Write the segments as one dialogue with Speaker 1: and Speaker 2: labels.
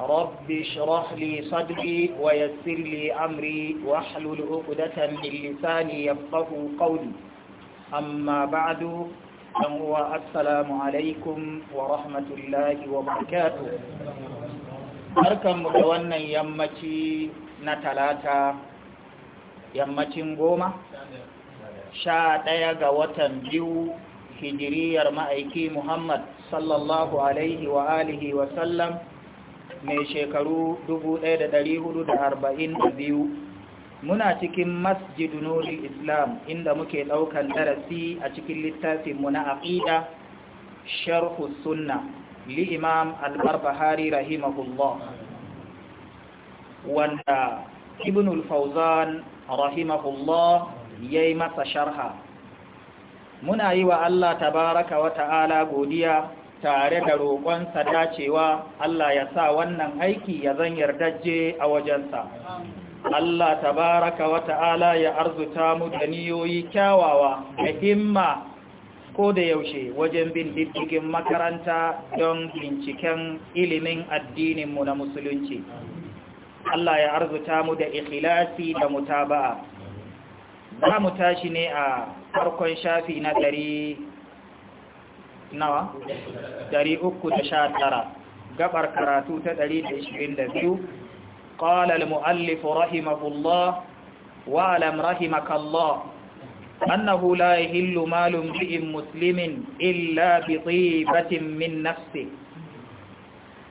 Speaker 1: رب اشرح لي صدري ويسر لي أمري واحلل عقدة من لساني يفقه قولي أما بعد فهو السلام عليكم ورحمة الله وبركاته barkan mu da wannan yammaci na talata yammacin goma sha ɗaya ga watan biyu hijiriyar ma'aiki muhammad sallallahu alaihi wa mai shekaru 1442 muna cikin masjid nuri islam inda muke ɗaukan darasi a cikin littafinmu na aqida sharhu sunna li imam al-barbahari rahimahullah wanda ibn al-fawzan rahimahullah yayi masa sharha muna yi wa Allah tabaraka wa ta'ala godiya tare da roƙonsa dacewa Allah ya sa wannan aiki ya zan yardaje a wajensa Allah tabaraka wa ta'ala ya arzuta mu da niyoyi kyawawa da himma ko da yaushe wajen bin diddigin makaranta don binciken ilimin addininmu na musulunci Allah ya arzuta mu da ikhlasi da mutaba'a za mu tashi ne a farkon shafi na ɗari nawa 319 gabar karatu ta 122 qala al-muallif rahimahullah wa alam rahimakallah أنه لا يهل مال امرئ مسلم إلا بطيبة من نفسه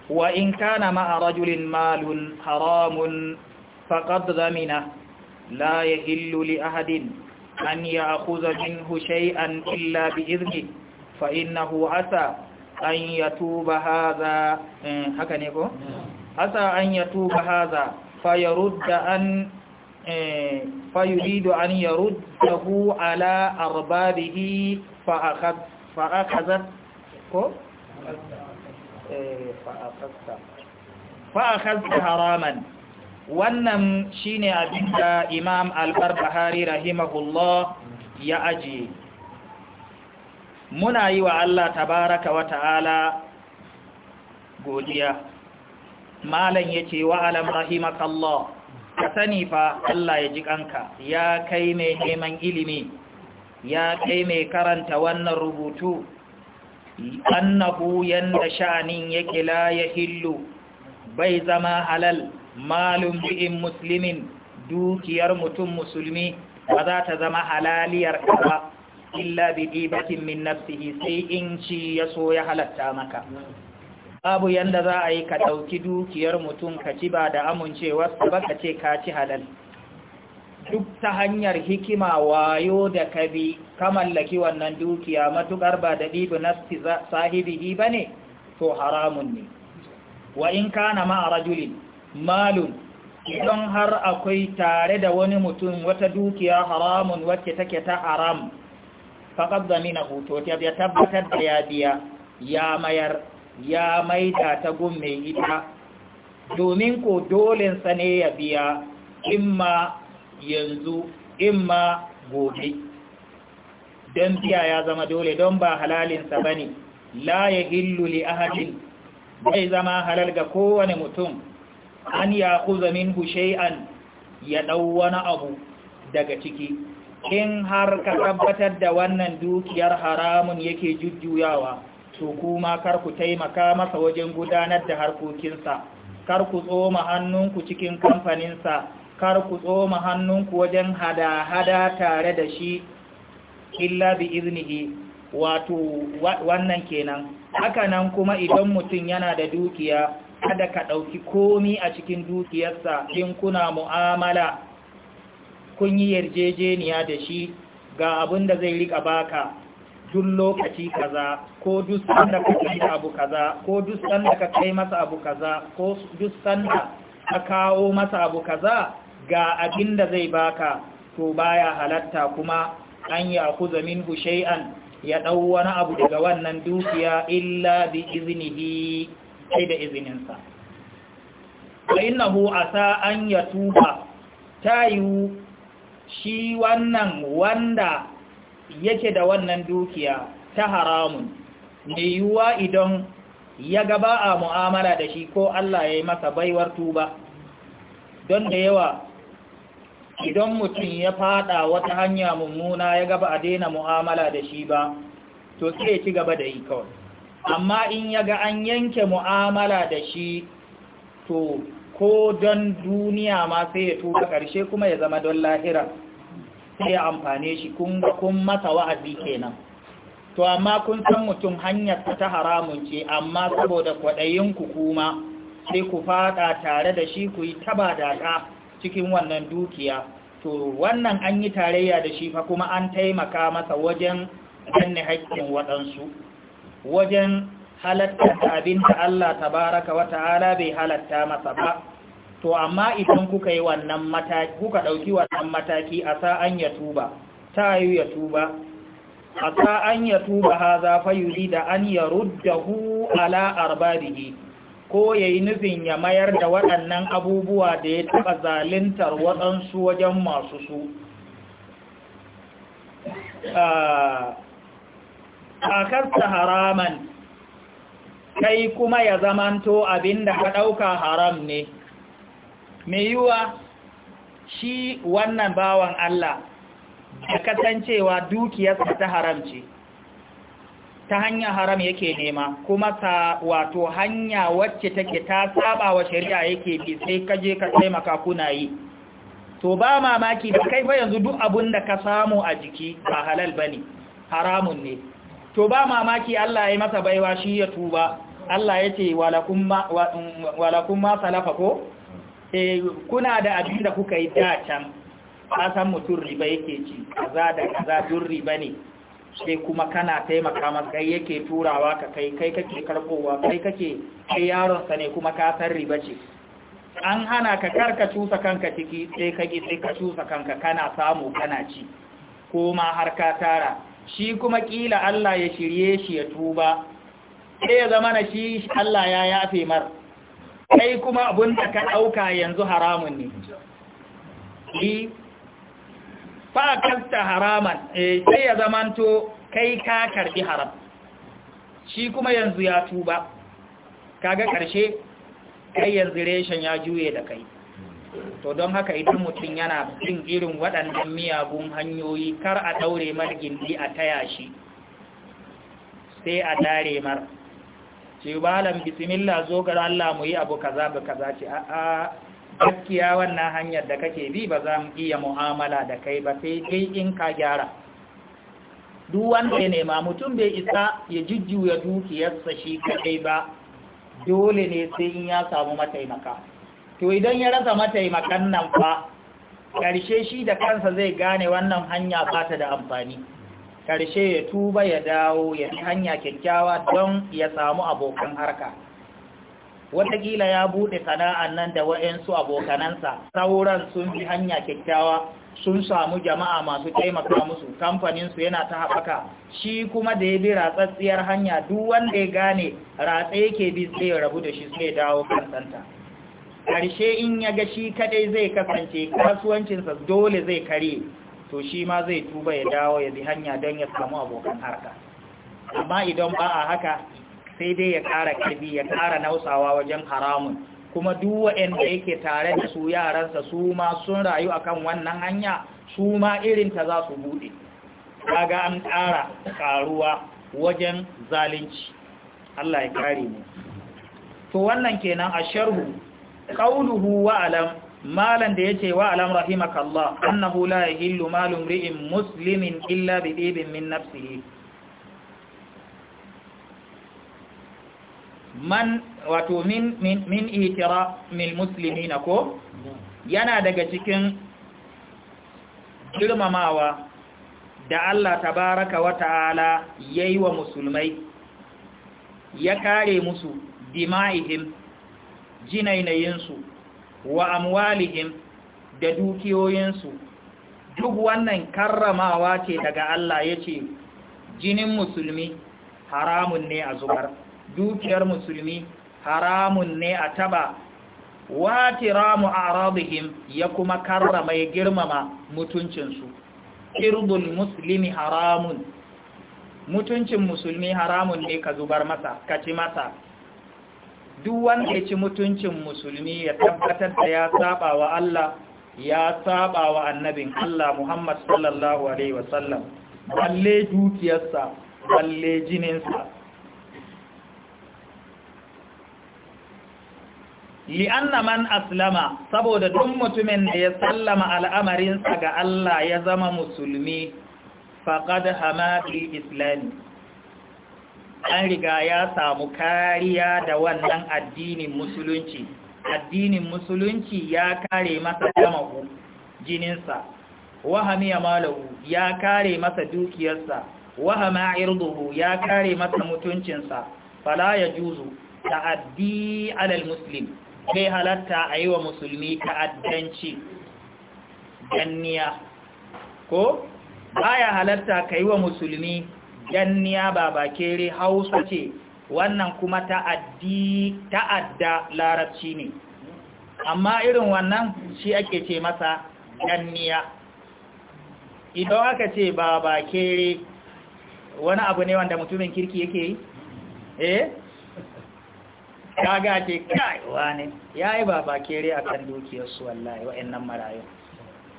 Speaker 1: وإن كان مع رجل مال حرام فقد ذمنه لا يهل لأحد أن يأخذ منه شيئا إلا بإذنه fa’innahu asa an asa an ya tuba haza fayurido ya rudda hu ala arbabihi fa’akazar ko? fa’akazar haraman wannan shine abinda abin da imam albar bahari rahimahullah ya ajiye muna yi wa Allah tabaraka wa ta'ala godiya malam yace wa alam allah ka sani fa Allah ya ji kanka ya kai mai neman ilimi ya kai mai karanta wannan rubutu annahu yanda sha'anin yake la yahillu bai zama halal malum bi'in muslimin dukiyar mutum musulmi ba za ta zama halaliyar ba illa bi ibatin min nafsihi sai in ci ya so ya halatta maka babu yanda za a yi ka ɗauki dukiyar mutum ka ci ba da amincewa, ba ka ce ka ci halal duk ta hanyar hikima wayo da kabi ka mallaki wannan dukiya matuƙar ba da ɗibi nafsi sahibihi ba ne to haramun ne wa in kana ma a rajulin malun idan har akwai tare da wani mutum wata dukiya haramun wacce take ta haram faqad zamina to ya tabbatar da ya biya ya mayar ya maida ta gun mai ita domin ko dole ne ya biya imma yanzu imma gobe don biya ya zama dole don ba halalinsa ba ne la ya hillu li ahadin bai zama halal ga kowane mutum an ya kuza minhu shay'an ya ɗau wani abu daga ciki in har ka tabbatar da wannan dukiyar haramun yake jujjuyawa to kuma kar ku taimaka masa wajen gudanar da harkokinsa kar ku tsoma hannunku cikin kamfaninsa kar ku tsoma hannunku wajen hada-hada tare da shi illa bi iznihi wato wannan kenan hakanan kuma idan mutum yana da dukiya kada ka ɗauki komi a cikin dukiyarsa in kuna mu'amala kun yi yarjejeniya da shi ga abin da zai rika baka duk lokaci kaza ko duk sanda ka kai abu kaza ko duk sanda ka kai masa abu kaza ko duk sanda ka kawo masa abu kaza ga abin da zai baka to baya halatta kuma an ya kuza minhu shay'an ya ɗau wani abu daga wannan dukiya illa bi bi sai da izininsa wa innahu asa an ta yiwu. shi wannan wanda yake da wannan dukiya ta haramun mai yiwuwa idan ya gaba a mu'amala da shi ko Allah ya yi masa baiwar tuba don da yawa idan mutum ya fada wata hanya mummuna ya gaba a daina mu'amala da shi ba to sai ci gaba da yi kawai amma in ya ga an yanke mu'amala da shi to ko don duniya ma sai ya tuba ƙarshe kuma ya zama don lahira sai ya amfani shi kun masa wa'azi kenan to amma kun san mutum hanyar ta haramun ce amma saboda kwaɗayinku kuma sai ku faɗa tare da shi ku yi taba daɗa cikin wannan dukiya to wannan an yi tarayya da shi fa kuma an taimaka masa wajen danne haƙƙin waɗansu wajen halatta abin da Allah baraka wa ta'ala bai halatta masa ba to amma idan kuka yi wannan mataki kuka dauki wannan mataki a sa'an ya tuba ta yi ya tuba a sa'an ya tuba fa yuri da an ya ruddahu ala arbabihi ko yayi nufin ya mayar da waɗannan abubuwa da ya taba zalintar waɗansu wajen masu su
Speaker 2: ah,
Speaker 1: a kasta haraman kai kuma ya zamanto abinda ka ɗauka haram ne Me yiwa shi wannan bawan Allah da kasancewa dukiyarsa ta haramce ta hanya haram yake nema kuma ta wato hanya wacce take ta saba wa shari'a yake bi sai ka je ka taimaka kuna yi to ba mamaki da kai fa yanzu duk abun da ka samu a jiki ba halal bane haramun ne to ba mamaki Allah ya masa baiwa shi ya tuba Allah ya ce walakum ma salafa ko Eh, kuna da abin da kuka yi da dacan san mutum riba yake ci kaza da kaza dun riba ne sai kuma kana taimaka matsayi yake turawa ka kai kai kake karbowa kai kake kai yaronsa ne kuma ka san riba ce an hana ka kar ka cusa kanka ciki sai kage sai ka cusa kanka kana samu kana ci ko ma har ka tara shi kuma kila Allah ya shirye shi ya tuba sai ya zama na shi Allah ya yafe mar kai kuma abun da ka ɗauka yanzu haramun ne yi fakasta haraman eh, sai ya zamanto kai ka karɓi haram shi kuma yanzu ya tuba kaga ƙarshe kai yanzu reshen ya juye da kai to don haka idan mutum yana bin irin waɗannan miyagun hanyoyi kar a ɗaure margindi a taya shi sai a dare mar ce balan bismillah zo ga Allah mu yi abu kaza ba kaza ce a'a gaskiya wannan hanyar da kake bi ba za mu iya mu'amala da kai ba sai dai in ka gyara duk wanda ya nema mutum bai isa ya jujjuya dukiyarsa shi kadai ba dole ne sai in ya samu mataimaka to idan ya rasa mataimakan nan fa ƙarshe shi da kansa zai gane wannan hanya ba ta da amfani Karshe ya tuba ya dawo ya hanya kyakkyawa don ya samu abokan harka Wataƙila ya buɗe sana'an nan da wa'yansu abokanansa sauran sun fi hanya kyakkyawa sun samu jama'a masu taimaka musu kamfaninsu yana ta haɓaka shi kuma da ya bi ratsatsiyar hanya duk wanda ya gane ratsa yake bi zai rabu da shi sai dawo kansanta ƙarshe in ya ga shi kaɗai zai kasance kasuwancinsa dole zai kare to shi ma zai tuba ya dawo ya bi hanya don ya samu abokan harka amma idan ba a haka sai dai ya ƙara ƙarfi ya ƙara nausawa wajen haramun kuma duk waɗanda yake tare da su yaransa su ma sun rayu akan wannan hanya su ma irin ta za su buɗe kaga an ƙara ƙaruwa wajen zalunci Allah ya kare mu to wannan kenan a sharhu qauluhu wa alam malan da yace wa alam rahimakallah annahu la yahillu malu imri'in muslimin illa bi ibin min nafsihi man wato min min min itira mil muslimina ko yana daga cikin girmamawa da Allah baraka wa ta'ala yayi wa musulmai ya kare musu dima'ihim jinainayinsu wa amwalihim da dukiyoyinsu duk wannan karramawa ce daga Allah ya ce jinin musulmi haramun ne a zubar dukiyar musulmi haramun ne a taba wati ramu a radihim ya kuma karrama ya girmama mutuncinsu irbul musulmi haramun mutuncin musulmi haramun ne ka zubar masa ka ci masa duk wanda ya ci mutuncin musulmi ya tabbatar da ya saba wa Allah ya saba wa annabin Allah Muhammad sallallahu alaihi wasallam balle dukiyarsa balle jininsa anna man aslama saboda duk mutumin da ya sallama al'amarinsa ga Allah ya zama musulmi faqad hamati islami an riga ya samu kariya da wannan addinin musulunci addinin musulunci ya kare masa jinin jininsa wahami ya malahu ya kare masa dukiyarsa wahama irduhu ya kare masa mutuncinsa fala ya juzu ta'addi alal muslim Kai halatta a yi wa musulmi ta'addanci danniya ko baya halatta ka yi wa musulmi yan Babakere bakere hausa ce wannan kuma ta'adda larabci ne amma irin wannan shi ake ce masa danniya idan aka ce ba bakere wani abu ne wanda mutumin kirki yake yi eh kaga ce kai wani yayi ba bakere akan dukiyar su wallahi wa'annan marayu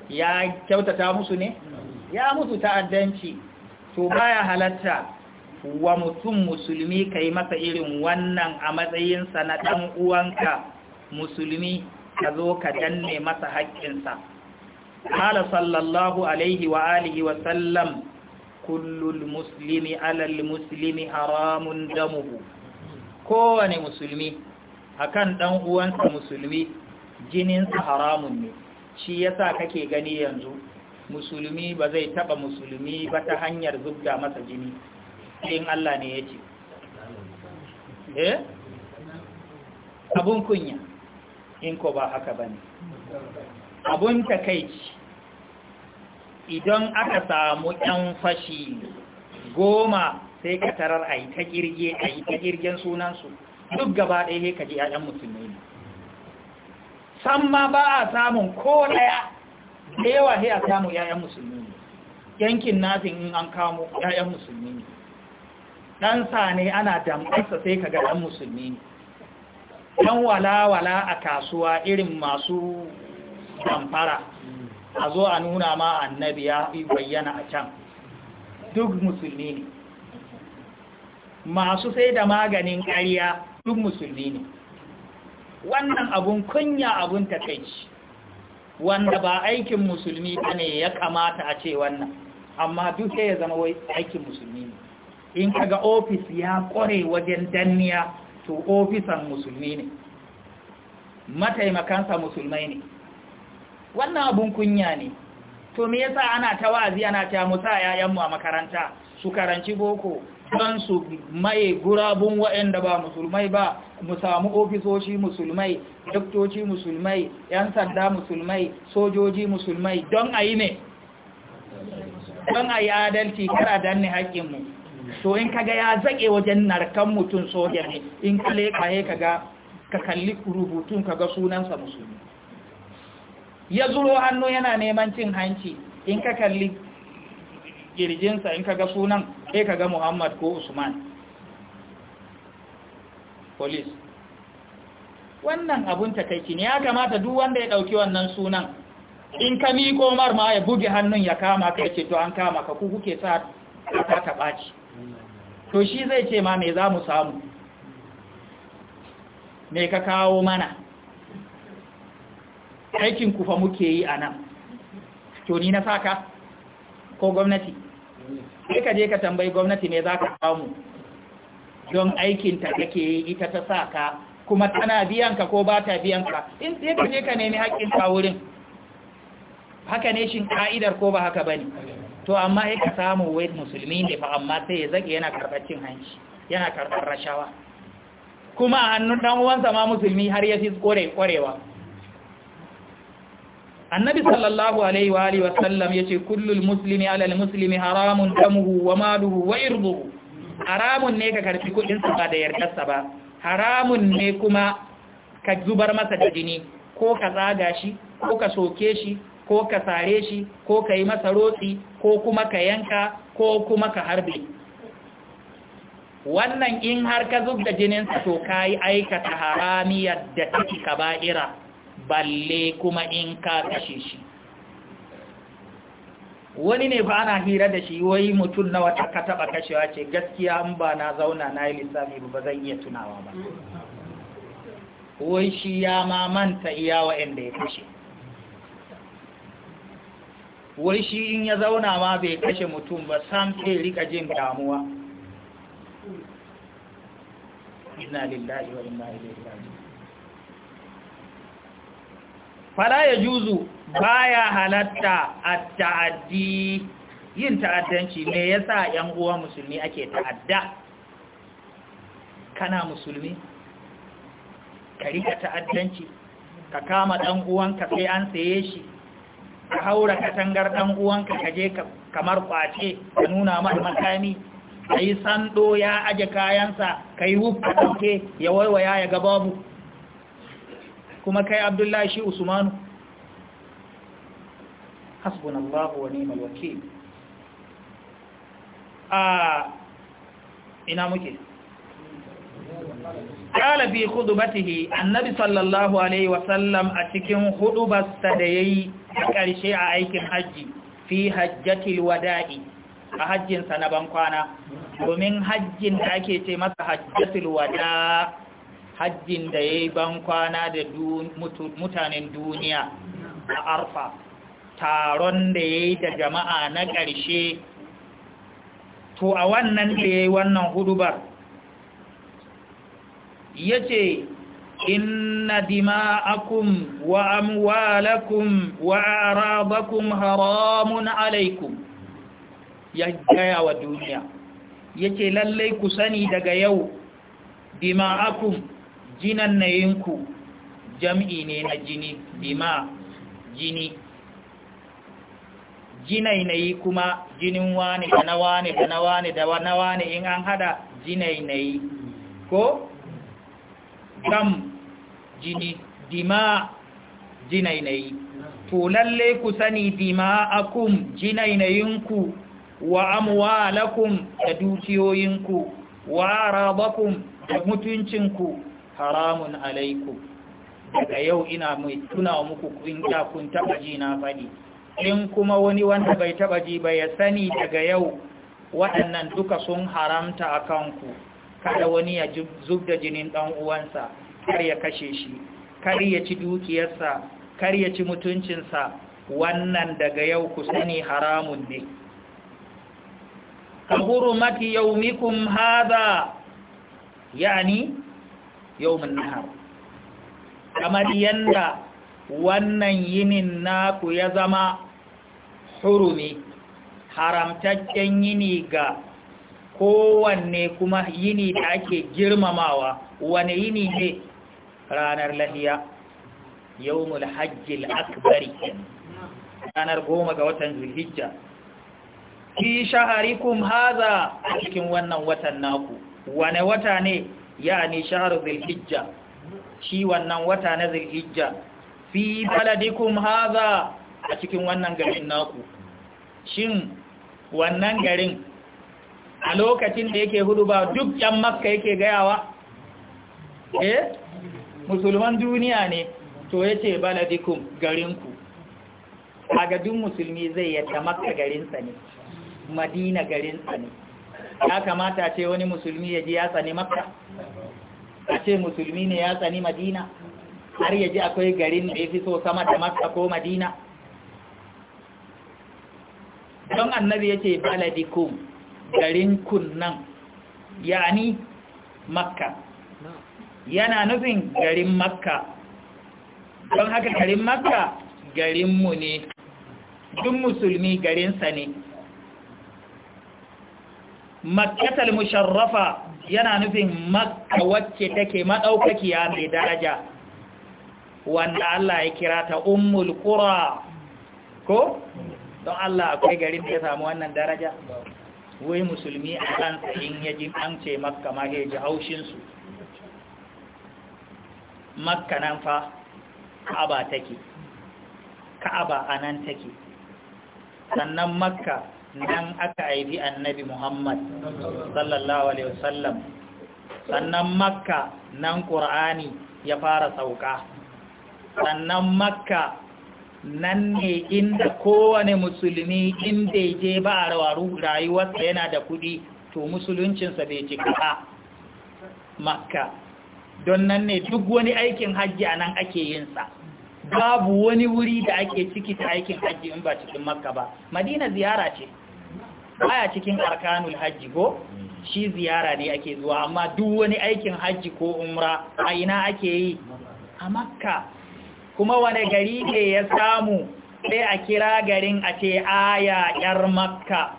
Speaker 1: ya kyautata musu ne ya mutu ta'addanci to ya halatta wa mutum musulmi ka yi masa irin wannan a matsayinsa na ɗan uwanka musulmi ka zo ka danne masa haƙƙinsa Kala sallallahu alaihi wa alihi wa sallam kullul musulmi alal musulmi haramun damuhu kowane musulmi akan ɗan uwansa musulmi jininsa haramun ne shi yasa kake gani yanzu musulmi ba zai taba musulmi ba ta hanyar zubda masa jini in Allah ne ya ce eh abun kunya in ko ba haka ba ne abun takaici idan aka samu ɗan fashi goma sai ka tarar a yi ta girge a ta girgen sunansu duk gaba ɗaya ka ji ‘ya'yan musulmi ne san ma ba a samun ko ɗaya da yawa sai a samu yayan musulmi ne yankin nafin in an kamo yayan musulmi ne dan sane ana damarsa sai ka dan musulmi ne dan walawala a kasuwa irin masu damfara a zo a nuna ma annabi ya bayyana a can duk musulmi ne masu sai da maganin ƙarya duk musulmi ne wannan abun kunya abun takaici wanda ba aikin musulmi ba ne ya kamata a ce wannan amma duk ya zama wai aikin musulmi ne in kaga ofis ya kware wajen danniya to ofisan musulmi ne mataimakansa musulmai ne wannan abun kunya ne to me yasa ana ta wa'azi ana ta musa yayanmu a makaranta su karanci boko kansu mai maye gurabun waɗanda ba musulmai ba mu samu ofisoshi musulmai doktoci musulmai yan sanda musulmai sojoji musulmai don a yi ne don a yi adalci kara danne haƙƙinmu to in kaga ya zaƙe wajen narkan mutum soja ne in ka leƙaye kaga ka kalli rubutun kaga sunansa musulmi ya zuro hannu yana neman cin hanci in ka kalli kirjinsa in kaga sunan sai kaga Muhammad ko Usman police wannan abun takaici ne ya kamata duk wanda ya dauki wannan sunan in ka miƙo mar ma ya buge hannun ya kama ka ce to an kama ka ku kuke sa ta ta baci to shi zai ce ma me za mu samu me ka kawo mana aikin ku fa muke yi anan? to ni na saka ko gwamnati sai ka je ka tambayi gwamnati me za ka samu don aikinta kake yi ita ta sa ka kuma tana biyanka ko ba ta biyanka in sai ka je ka nemi ka wurin haka ne shin ka'idar ko ba haka ba ne to amma sai ka samu wai musulmi ne fa amma sai ya zage yana karɓar cin hanci yana karɓar rashawa kuma a hannun ɗan uwansa ma musulmi har ya fi ƙorewa annabi sallallahu alaihi wa alihi wasallam yace kullul muslimi ala almuslimi haramun damuhu wa maluhu wa irduhu haramun ne ka karfi kudin sa ba da yardar sa ba haramun ne kuma ka zubar masa da jini ko ka zaga shi ko ka soke shi ko ka sare shi ko ka yi masa rotsi ko kuma ka yanka ko kuma ka harbe wannan in har ka zub da jininsa to ka yi aikata haramiyar da take kaba'ira balle kuma in ka kashe shi wani ne ba ana hira da shi wai mutum na wata ka taba kashewa ce gaskiya an ba na zauna na yi lissafi ba zan iya tunawa ba wai shi ya mamanta iya wa'anda ya kashe wai shi in ya zauna ma bai kashe mutum ba sam sai rika jin damuwa Ina lillahi wa inna ilaihi fala ya juzu ya halatta a ta'addi yin ta'addanci me yasa yan uwa musulmi ake ta'adda kana musulmi ka rika ta'addanci ka kama ɗan uwanka sai an saye shi ka haura katangar ɗan uwanka ka je kamar kwace ka nuna mai makami yi sando ya aje kayansa kai hukka ɗauke ya waiwaya ya ga babu kuma kai abdullahi shi usmanu hasbunallahu wa ni'mal wakeel a ina muke kala bi khudbatihi annabi sallallahu alaihi wa sallam a cikin hudubarsa da yayi a ƙarshe a aikin hajji fi hajjatil wada'i a hajjinsa na bankwana domin hajjin da ake ce masa hajjatul wada hajjin da ya yi kwana da mutanen duniya a arfa taron da ya yi da jama'a na ƙarshe to a wannan da ya yi wannan hudubar ya ce inna dima'akum wa amwalakum wa arabakum haramun alaikum ya gaya wa duniya ya ce lallai ku sani daga yau dima'akum jinan na yinku jam'i ne na jini dima jini yi kuma jinin wani da na wani da na wani da na wani in an hada na yi ko kam jini dima yi to lalle ku sani na yinku wa amwalakum da dukiyoyinku wa arabakum da mutuncinku haramun alaiku daga yau ina mai tuna muku kun kun taba ji na faɗi in kuma wani wanda bai taba ji ba ya sani daga yau waɗannan duka sun haramta a kanku kada wani ya zub da jinin ɗan uwansa kar ya kashe shi kar ya ci dukiyarsa kar ya ci mutuncinsa wannan daga yau ku sani haramun ne ka hurumati yaumikum hadha yani yawmin nahar kamar yanda wannan yinin naku ya zama hurumi haramtaccen yini ga kowanne kuma yini da ake girmamawa wani yini ne ranar lahiya yawmul hajjil akbari ranar goma ga watan zulhijja fi shaharikum haza cikin wannan watan naku wane wata ne yani shahru zulhijja shi wannan wata na zulhijja fi baladikum haza a cikin wannan garin naku shin wannan garin a lokacin da yake hudu ba duk yan makka yake gayawa eh musulman duniya ne to yace baladikum garinku kaga duk musulmi zai yadda makka garinsa ne madina garinsa ne ya kamata ce wani musulmi ya ji ya tsani makka a ce musulmi ne ya tsani madina har ya ji akwai garin da ya fi so sama da makka ko madina don annabi ya ce baladikun garin kunnan ni makka yana nufin garin makka don haka garin makka garinmu ne Dun musulmi garinsa ne makkatar musharrafa yana nufin makka wacce take madaukakiya mai daraja wanda Allah ya kira ta ummul qura ko don Allah akwai garin da ya samu wannan daraja wai musulmi a kan ya ji an ce makka ma ya ji haushin su makka nan fa ka'aba take ka'aba anan take sannan makka nan aka aibi annabi Muhammad sallallahu alaihi wasallam sannan makka nan ƙur'ani ya fara sauka sannan makka nan ne inda kowane musulmi inda ya je ba a rayuwarsa yana da kuɗi to musuluncinsa bai cika ba makka don nan ne duk wani aikin hajji a nan ake yinsa babu wani wuri da ake ciki ta aikin hajji in ba cikin makka ba madina ziyara ce Aya cikin arkanul hajji ko shi ziyara ne ake zuwa amma duk wani aikin hajji ko umra a ina ake yi a makka kuma wane gari ne ya samu sai a kira garin a ce aya yar makka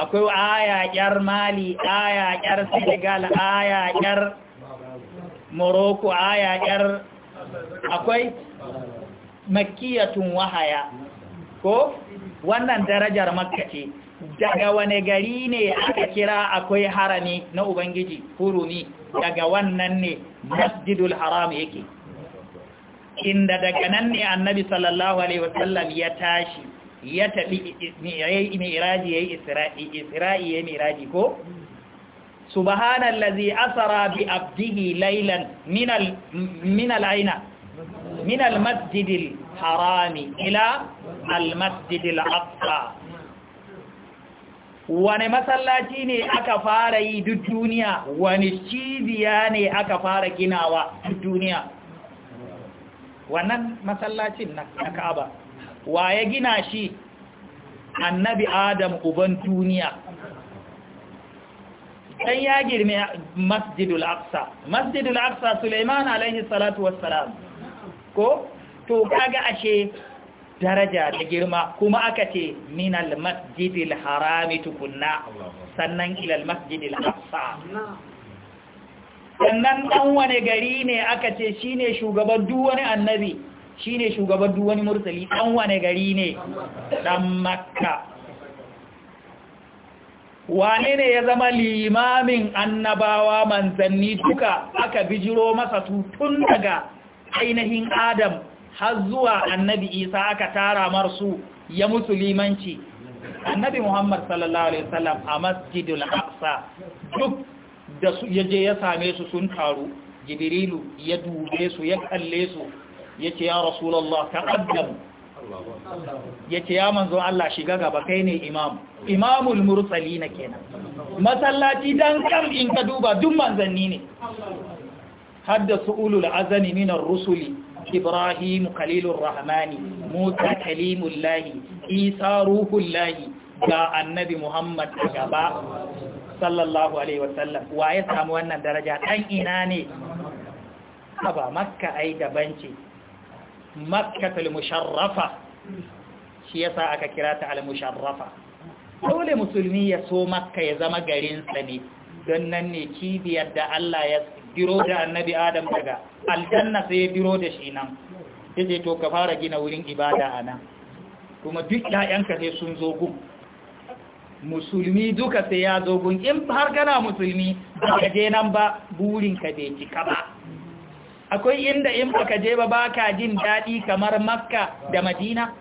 Speaker 1: akwai aya yar mali aya yar senegal aya yar morocco aya yar akwai makiyatun wahaya ko wannan darajar makka ce daga wane gari ne aka kira akwai harami na ubangiji hurumi daga wannan ne masjidul haram yake inda daga nan ne annabi sallallahu alaihi wasallam ya tashi ya tafi miraji yayi isra'i yayi miraji ko subhanallazi asara bi abdihi laylan min al aina min masjidil harami ila al masjidil aqsa wani masallaci ne aka fara yi duk duniya wani cibiya ne aka fara ginawa duk duniya wannan masallacin na kaba. wa ya gina shi annabi adam uban duniya dan ya girme masjidul aqsa masjidul aqsa suleiman alaihi salatu wassalam ko to kaga ashe daraja da girma kuma aka ce minal masjidil harami tukunna sannan ilal masjidil aqsa sannan dan wane gari ne aka ce shine shugaban duk wani annabi shine shugaban duk wani mursali dan wane gari ne dan makka wane ne ya zama limamin annabawa manzanni duka aka bijiro masa tun daga ainihin adam har zuwa annabi isa aka tara marsu ya musulmanci annabi muhammad sallallahu alaihi wasallam a masjidul aqsa duk da su yaje ya same su sun taru jibrilu ya dube su ya kalle su yace ya rasulullah taqaddam yace ya manzo Allah shiga gaba kai ne imam imamul mursalin kenan masallaci dan kam in ka duba duk manzanni ne hadda su ulul azani minar rusuli إبراهيم خليل الرحمن موسى كليم الله إيسى روح الله جاء النبي محمد أجابا صلى الله عليه وسلم ويسهم أن درجات أن إناني أبا مكة أي دبنتي مكة المشرفة شيسا أككرات على المشرفة dole musulmi ya so makka ya zama garinsa ne don nan ne cibiyar da Allah ya Biro da annabi adam daga aljanna sai ya da shi nan ya ce to ka fara gina wurin ibada a nan kuma duk ƴaƴanka sai sun zo gun musulmi duka sai ya zo gun in har kana musulmi ba je nan ba burinka bai cika ba akwai inda in ka je ba baka jin daɗi kamar makka da madina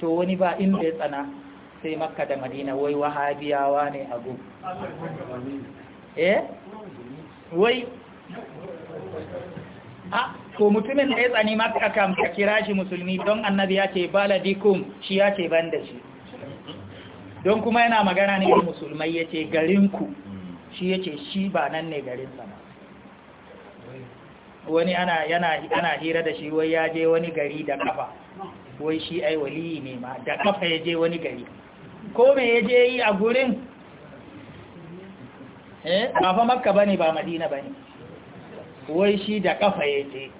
Speaker 1: to wani ba inda ya tsana sai makka da madina wai wahabiyawa ne a gun eh wai a ko mutumin da ya tsani maka kam ka kira shi musulmi don annabi ya ce baladikum shi ya ce ban da shi don kuma yana magana ne ga musulmai ya ce garinku shi ya ce shi ba nan ne garin sama wani ana yana hira da shi wai ya je wani gari da kafa wai shi ai waliyi ne ma da kafa ya je wani gari ko me ya je yi a gurin Eh? ba fa makka ne ba madina ne. wai shi da kafa ce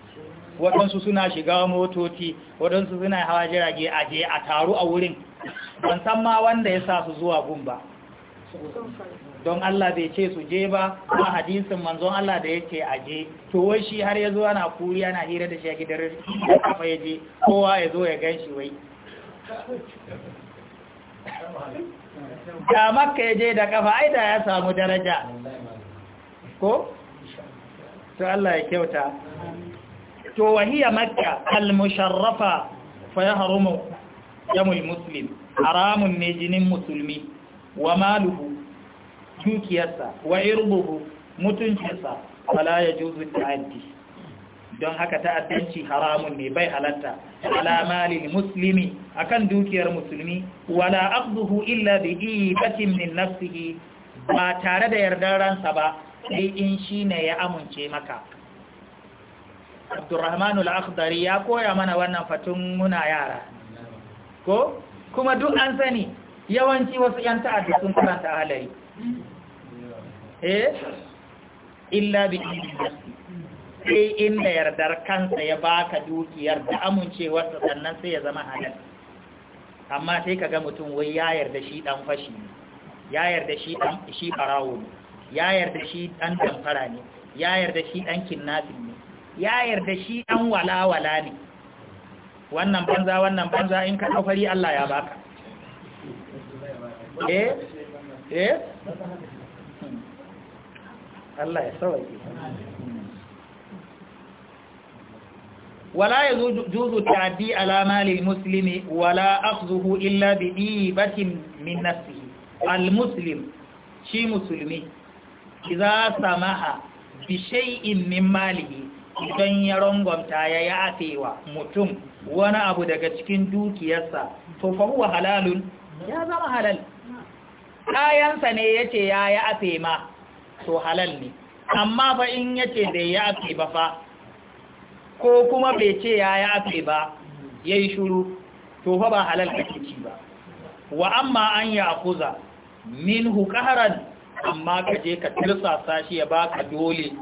Speaker 1: waɗansu suna shiga motoci waɗansu suna hawa jirage a je a taru a wurin ban san ma wanda ya sa su zuwa gun ba don Allah bai ce su je ba ba hadisin manzon Allah da yake a je to wai shi har ya zo ana kuri ana hira da shi a gidan kafa ya je kowa ya zo ya gan shi wai da makka ya je da kafa Aida ya samu daraja ko to Allah ya kyauta to wahiya makka al-musharrafa fa yahrumu yamul muslim haramun ne jinin musulmi wa maluhu dukiyarsa wa irbuhu mutuncinsa ya juzu ta'addi don haka ta'addanci haramun ne bai halatta ala malil muslimi akan dukiyar musulmi wala abduhu illa bi ibatin min nafsihi ba tare da yardar ransa ba sai in shine ya amince maka Abdurrahman al-Akhdari ya koya mana wannan fatun muna yara ko kuma duk an sani yawanci wasu yan ta'adda sun karanta halari eh illa bi ibatin sai inda yardar kansa ya baka dukiyar da amincewarsa sannan sai ya zama halal amma sai ka ga mutum wai ya yarda shi dan fashi ne ya yarda shi dan shi barawo ne ya yarda shi dan damfara ne ya yarda shi dan kidnapping ne ya yarda shi dan walawala ne wannan banza wannan banza in ka daukari Allah ya baka
Speaker 2: eh eh Allah ya sauke
Speaker 1: wala ya juzu ta'addi ala mali muslimi wala akhdhuhu illa bi ibatin min nafsihi al muslim shi muslimi idza samaha bi shay'in min malihi idan ya rangwamta ya yafewa mutum wani abu daga cikin dukiyarsa to fa huwa halalun ya zama halal ayansa ne yace ya yafe ma to halal ne amma fa in yace da ya yafe ba fa ko kuma bai ce ya yi afe ba ya yi shuru to fa ba halal kake ci ba wa amma an ya akuza min hukaharar amma ka je ka tirsasa shi ya baka dole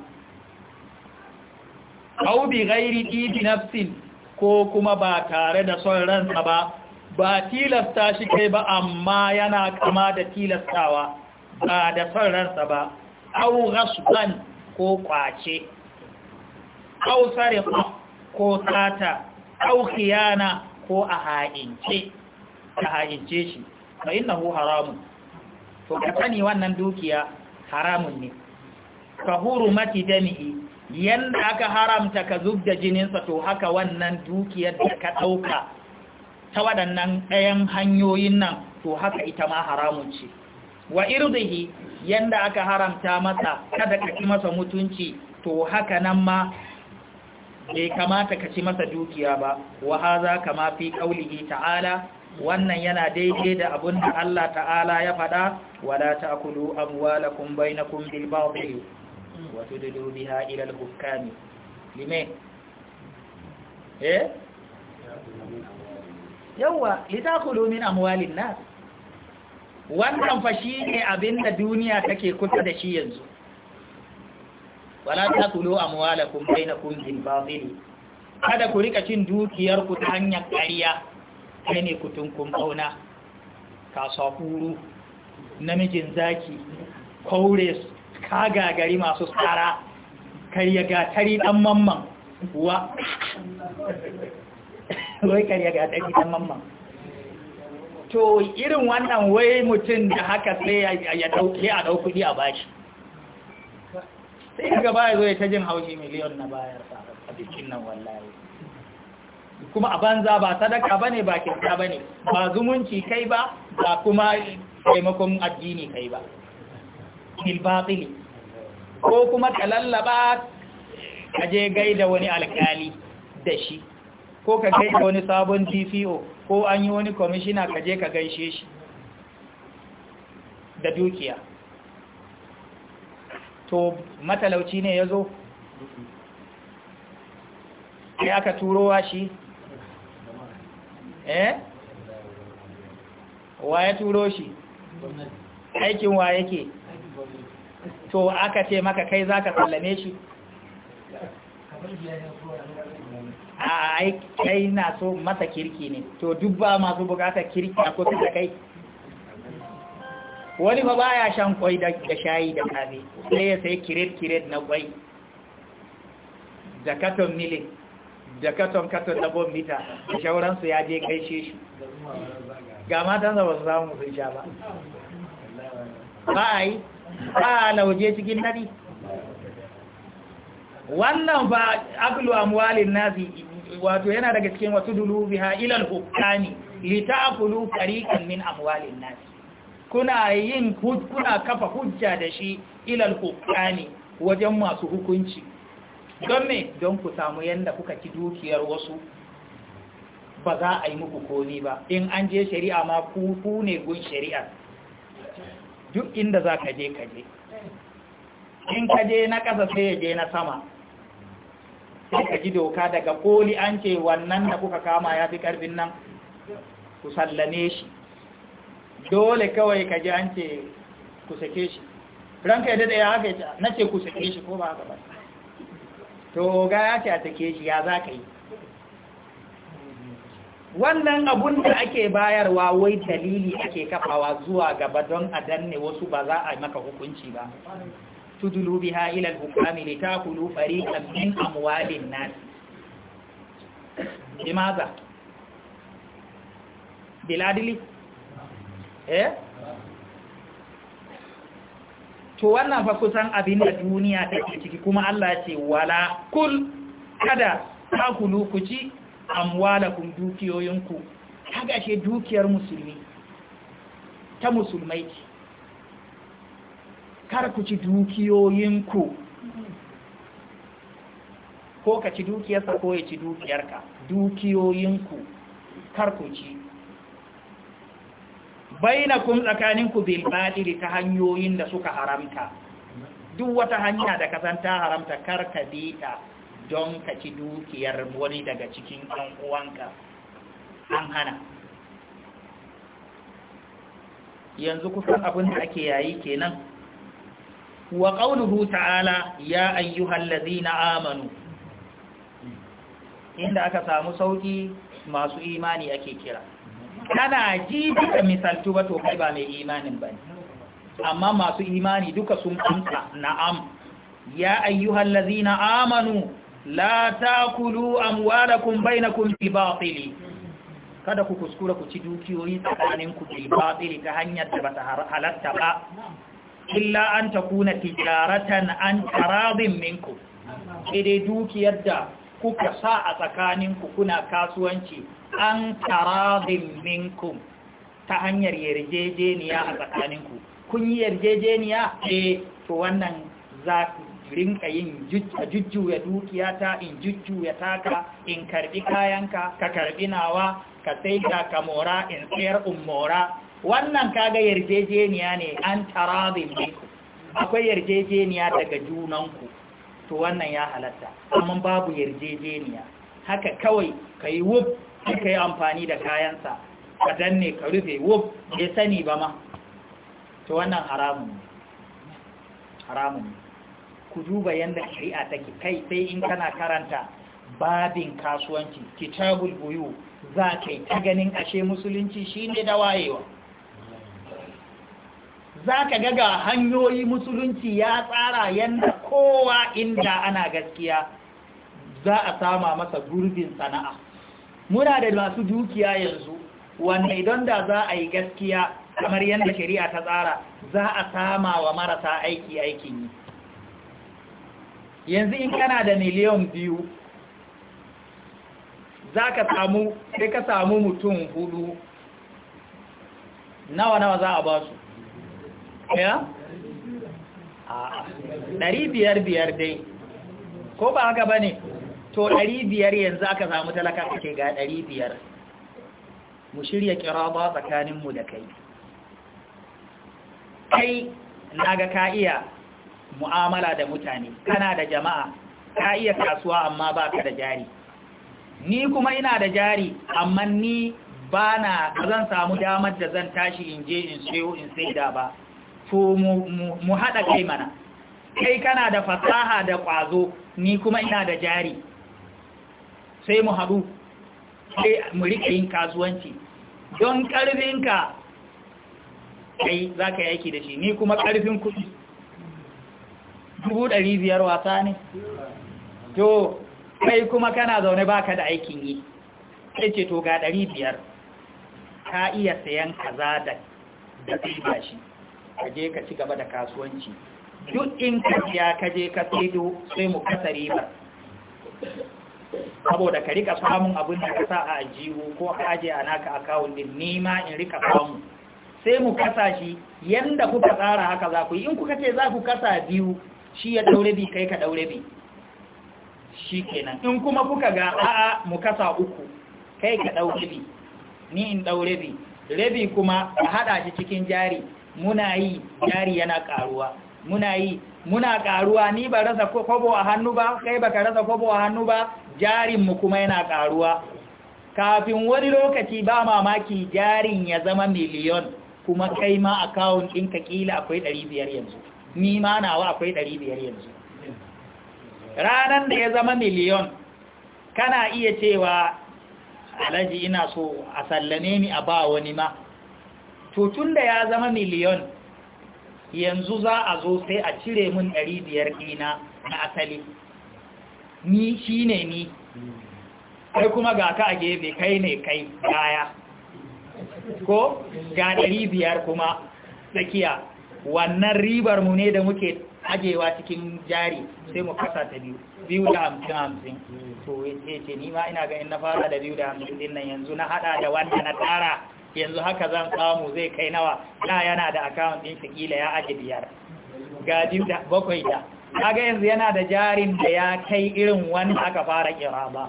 Speaker 1: au bi ɗi nafsin ko kuma ba tare da son ransa ba ba tilasta shi kai ba amma yana kama da tilastawa ba da son ransa ba au ghasban ko kwace au sariqa ko sata au khiyana ko a ha'ince ta ha'ince shi fa innahu haramun to ka wannan dukiya haramun ne ka mati damihi yanda aka haramta ka zubda jininsa to haka wannan dukiyar da ka ɗauka ta waɗannan ɗayan hanyoyin nan to haka ita ma haramun ce wa irdihi yanda aka haramta masa kada ka ci masa mutunci to haka nan ma bai kamata ka ci masa dukiya ba wa haza kama fi qaulihi ta'ala wannan yana daidai da abun da Allah ta'ala ya faɗa wala ta'kulu amwalakum bainakum bil batil wa tudlu biha ila al hukami lime eh yawa litakulu min amwalin nas wannan fa shine da duniya take kusa da shi yanzu wala takulu amwalakum bainakum bil batil kada ku rika cin dukiyar ku ta hanyar kariya. kai ne kutun kun kauna kasafuru namijin zaki ka gagari masu tsara karya gatari dan mamman wa wai karya gatari dan mamman to irin wannan wai mutum da haka sai ya dauke a dau a bashi sai gaba ya zo ya ta jin haushi miliyon na bayar a bikin nan wallahi kuma a banza ba sadaka bane ba kinta bane ba zumunci kai ba ba kuma taimakon addini kai ba batili ko kuma ka lallaba ka je gaida wani alkali da shi ko ka gaida wani sabon TPO ko an yi wani kwamishina ka je ka gaishe shi da dukiya to matalauci ne ya zo ne aka turowa shi eh wa ya turo shi aikin wa yake to aka ce maka kai za ka sallame shi a kai na so masa kirki ne to duk ba masu bukatar kirki a kusa da kai wani ba baya shan kwai da shayi da kabe sai ya sai kiret-kiret na kwai da katon mili da katon katon na mita da shauransu ya je kai shi ga matan zaba su samu sun sha ba ba a yi ba a lauje cikin nari wannan ba aklu amwalin nazi, wato yana daga cikin wasu dulubi ha ilal hukami li ta'kulu tariqan min amwalin nazi. kuna yin kuna kafa hujja da shi ilal hukani wajen masu hukunci don me don ku samu yadda kuka ci dukiyar wasu ba za a yi muku komi ba in an je shari'a ma ku ne gun shari'a duk inda za ka je ka je in ka je na ƙasa sai ya je na sama sai ka ji doka daga koli an ce wannan da kuka kama ya fi ƙarfin nan ku sallame shi dole kawai ka ji an ce ku sake shi ranka ya daɗa ya haka ya na ce ku sake shi ko ba haka ba to ga ya ce a sake shi ya za ka yi wannan abun da ake bayarwa wai dalili ake kafawa zuwa gaba don a danne wasu ba za a maka hukunci ba tudulu biha ila al-hukami litakulu fariqan min amwalin nas limaza biladili eh to wannan fa kusan abin da duniya take ciki kuma Allah ya ce wala kul kada akulu ku ci amwalakum dukiyoyinku kaga she dukiyar musulmi ta musulmai ce kar ku ci dukiyoyinku ko ka ci dukiyarsa ko ya ci dukiyarka dukiyoyinku kar ku ci Baina tsakaninku bil batili ta hanyoyin da suka haramta duk wata hanya da ta haramta karka ta don ka ci dukiyar wani daga cikin ɗan uwanka an hana yanzu kusan abin da ake yayi kenan wa qauluhu ta'ala ya ayyuhallazina amanu inda aka samu sauki masu imani ake kira kana ji duka misaltu ba to kai ba mai imanin ba amma masu imani duka sun kunta na'am ya ayyuhal ladzina amanu la taakulu amwalakum bainakum kumfi batil kada ku kuskura ku ci dukiyoyi tsakanin ku bil batil ta hanyar da bata halatta ba illa an takuna tijaratan an taradin minku idai dukiyar da kuka sa a tsakaninku kuna kasuwanci an taradin minkum ta hanyar yarjejeniya a tsakaninku kun yi yarjejeniya eh to wannan za ku rinka yin jujjuya dukiya ta in jujjuya taka in karbi kayanka ka karbi nawa ka sai da ka mora in tsayar umora wannan kaga yarjejeniya ne an taradin minkum akwai yarjejeniya daga junanku to wannan ya halatta amma babu yarjejeniya haka kawai ka yi wuf ka amfani da kayansa ka danne ka rufe wuf ya sani ba ma to wannan haramun haramun ku duba yadda shari'a take kai sai in kana karanta babin kasuwanci kitabul buyu za ka yi ta ganin ashe musulunci shine da wayewa za ka ga hanyoyi musulunci ya tsara yadda kowa inda ana gaskiya za a sama masa gurbin sana'a muna da masu dukiya yanzu wanda idan da za a yi gaskiya kamar yadda shari'a ta tsara za a sama wa marasa aiki aikin yi yanzu in kana da miliyan biyu za ka samu sai ka samu mutum hudu nawa nawa za a ba su ya ɗari biyar biyar dai ko ba haka ba ne to ɗari biyar yanzu aka samu talaka kake ga ɗari biyar mu shirya kira ba tsakaninmu da kai kai na ga ka iya mu'amala da mutane kana da jama'a ka iya kasuwa amma ba ka da jari ni kuma ina da jari amma ni ba na zan samu damar da zan tashi in je in sayo in sai da ba to mu haɗa kai mana kai kana da fasaha da ƙwazo ni kuma ina da jari sai mu haɗu sai mu riƙe yin kasuwanci don ƙarfinka kai za ka yaki da shi ni kuma ƙarfin kuɗi dubu ɗari biyar wasa ne to kai kuma kana zaune baka da aikin yi sai ce to ga ɗari biyar ka iya sayan kaza da ba shi Kaje je ka ci gaba da kasuwanci duk in ka ya ka je ka saido sai mu kasa riba saboda ka rika samun abin da ka sa a ajihu ko a aje a naka akawun din nima in rika samu sai mu kasa shi yadda kuka tsara haka za ku yi in kuka ce za ku kasa biyu shi ya daure bi kai ka daure bi shi kenan in kuma kuka ga a'a mu kasa uku kai ka daure bi ni in daure bi rabi kuma ka hada shi cikin jari muna yi jari yana karuwa muna yi muna karuwa ni ba rasa kobo a hannu ba kai baka rasa kobo a hannu ba jarin mu kuma yana karuwa kafin wani lokaci ba mamaki jarin ya zama miliyon kuma kai ma akawun ka ƙila akwai ɗari yanzu ni ma nawa akwai ɗari yanzu ranar da ya zama miliyon kana iya cewa alaji ina so a sallame ni a ba wani ma to tun da ya zama miliyon yanzu za a zo sai a cire mun ɗari biyar ɗina na asali ni shi ne ni kai kuma ga ka a gefe kai ne kai gaya ko ga ɗari biyar kuma tsakiya wannan ribar mu ne da muke ajewa cikin jari sai mu kasa ta biyu biyu da hamsin hamsin to ya ce ni ma ina ga in na fara da biyu da hamsin din nan yanzu na hada da wanda na tara yanzu haka zan samu zai kai nawa na yana da akawun ɗin shi ya aje biyar gajin da bakwai da kaga yanzu yana da jarin da ya kai irin wani aka fara kira ba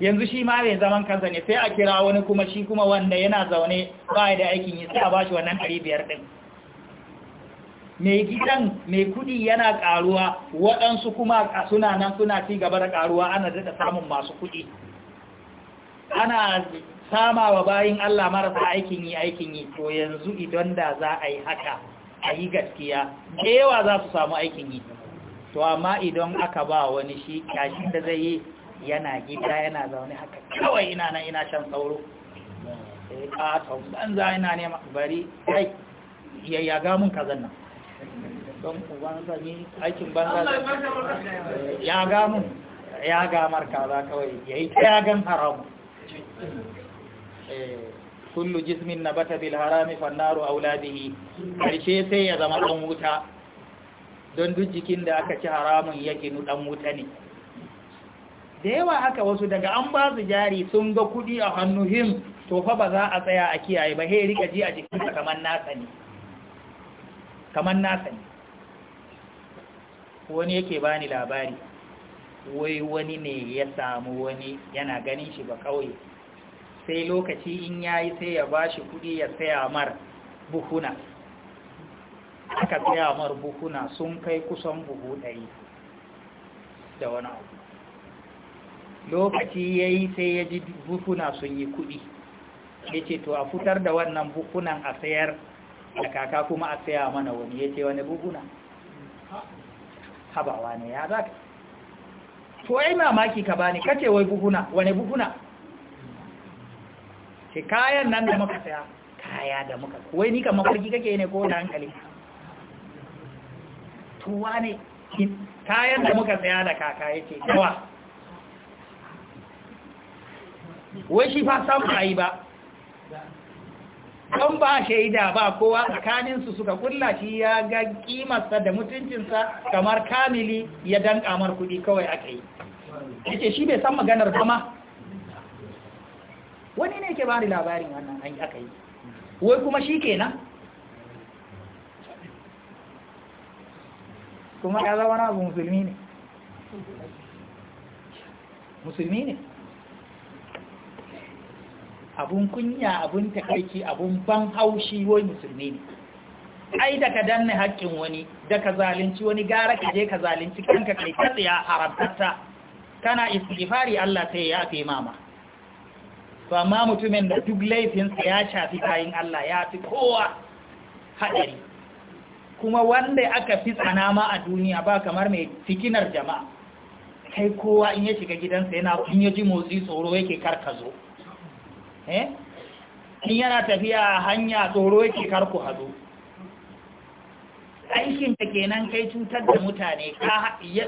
Speaker 1: yanzu shi ma bai zaman kansa ne sai a kira wani kuma shi kuma wanda yana zaune ba da aikin yi sai a bashi wannan biyar ɗin. mai gidan mai kudi yana karuwa waɗansu kuma suna nan suna ci gaba da karuwa ana daɗa samun masu kudi ana sama wa bayin Allah marasa aikin yi aikin yi to yanzu idan da za a yi haka a yi gaskiya yawa za su samu aikin yi to amma idan aka ba wani shi kashin da zai yi yana gida yana zaune haka kawai ina nan ina shan sauro sai eh, katon banza ina nema bari kai ya gamun mun kazan nan don uban ne aikin banza eh, ya ga mun ya gamar kaza za kawai ya yi ta yagan haramun kullu jismin nabata bil harami fannaru auladihi karshe sai ya zama dan wuta don duk jikin da aka ci haramun ya ginu dan wuta ne da yawa haka wasu daga an ba su jari sun ga kudi a hannu him to fa ba za a tsaya a kiyaye ba hei rika ji a ka kamar nasa ne kamar nasa ne wani yake bani labari wai wani ne ya samu wani yana ganin shi ba ƙauye? sai lokaci in ya yi sai ya ba shi kuɗi ya saya mar buhuna aka saya mar buhuna sun kai kusan buhu ɗari da wani abu lokaci ya yi sai ya ji buhuna sun yi kuɗi ya ce to a fitar da wannan buhunan a sayar da kaka kuma a saya mana wani ya ce wani buhuna habawa ne ya za ka to ai mamaki ka bani kace wai buhuna wani buhuna ce kayan nan da muka saya kaya da muka wai ni kan mafarki kake ne ko da hankali tuwa ne kayan da muka saya da kaka yake kawa wai shi fa san a yi ba Ɗan ba shaida ba kowa tsakaninsu suka kulla shi ya ga kimarsa da mutuncinsa kamar kamili ya danƙa mar kuɗi kawai aka yi
Speaker 2: yake shi bai san maganar kama ma
Speaker 1: wani ne ke bani labarin wannan an aka yi wai kuma shi kenan kuma ya zama na abu musulmi ne musulmi ne abun kunya abun takaiki abun ban haushi wai musulmi ne ai da ka danne haƙƙin wani da zalunci wani gara ka je ka zalunci kanka kai katsiya tsaya kana istighfari Allah sai ya afe mama to amma mutumin da duk laifinsa ya shafi kayan Allah ya fi kowa haɗari kuma wanda aka fi tsana ma a duniya ba kamar mai fikinar jama'a kai kowa in ya shiga gidansa yana in ya ji motsi tsoro yake karkazo eh in yana tafiya hanya tsoro yake karku hazo aikin ta kenan kai cutar da mutane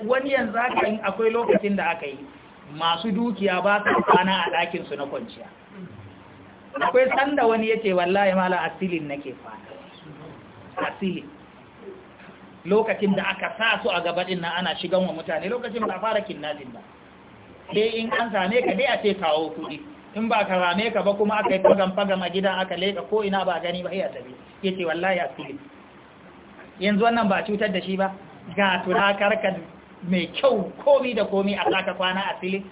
Speaker 1: wani yanzu haka in akwai lokacin da aka yi masu dukiya ba su kwana a ɗakinsu na kwanciya akwai sanda wani yake wallahi mala asilin nake kwana asilin lokacin da aka sa su a gabaɗin na ana shigan wa mutane lokacin ba fara kinnajin ba sai in an same ka dai a ce kawo kuɗi in ba ka rame ka ba kuma aka yi fagan fagan a gidan aka leka ko ina ba gani ba ya tafi ya ce wallahi asilin yanzu wannan ba cutar da shi ba ga turakar ka mai kyau komi da komi a sata kwana a fili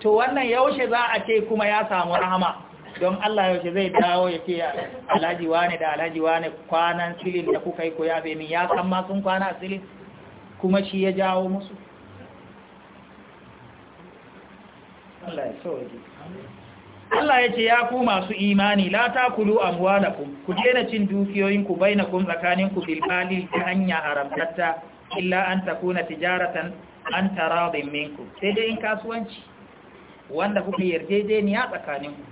Speaker 1: to wannan yaushe za a ce kuma ya samu rahama don Allah yaushe zai dawo ya ce alhaji wane da alhaji wane kwanan silin da kuka yi koya bai min ya san ma sun kwana a silin kuma shi ya jawo musu Allah ya Allah ya ce ya ku masu imani la takulu na ku Ku daina cin bai na kun tsakaninku bilbali ta hanya haramtatta illa an takuna tijaratan an taradin minku sai dai in kasuwanci wanda kuka yarjejeniya tsakaninku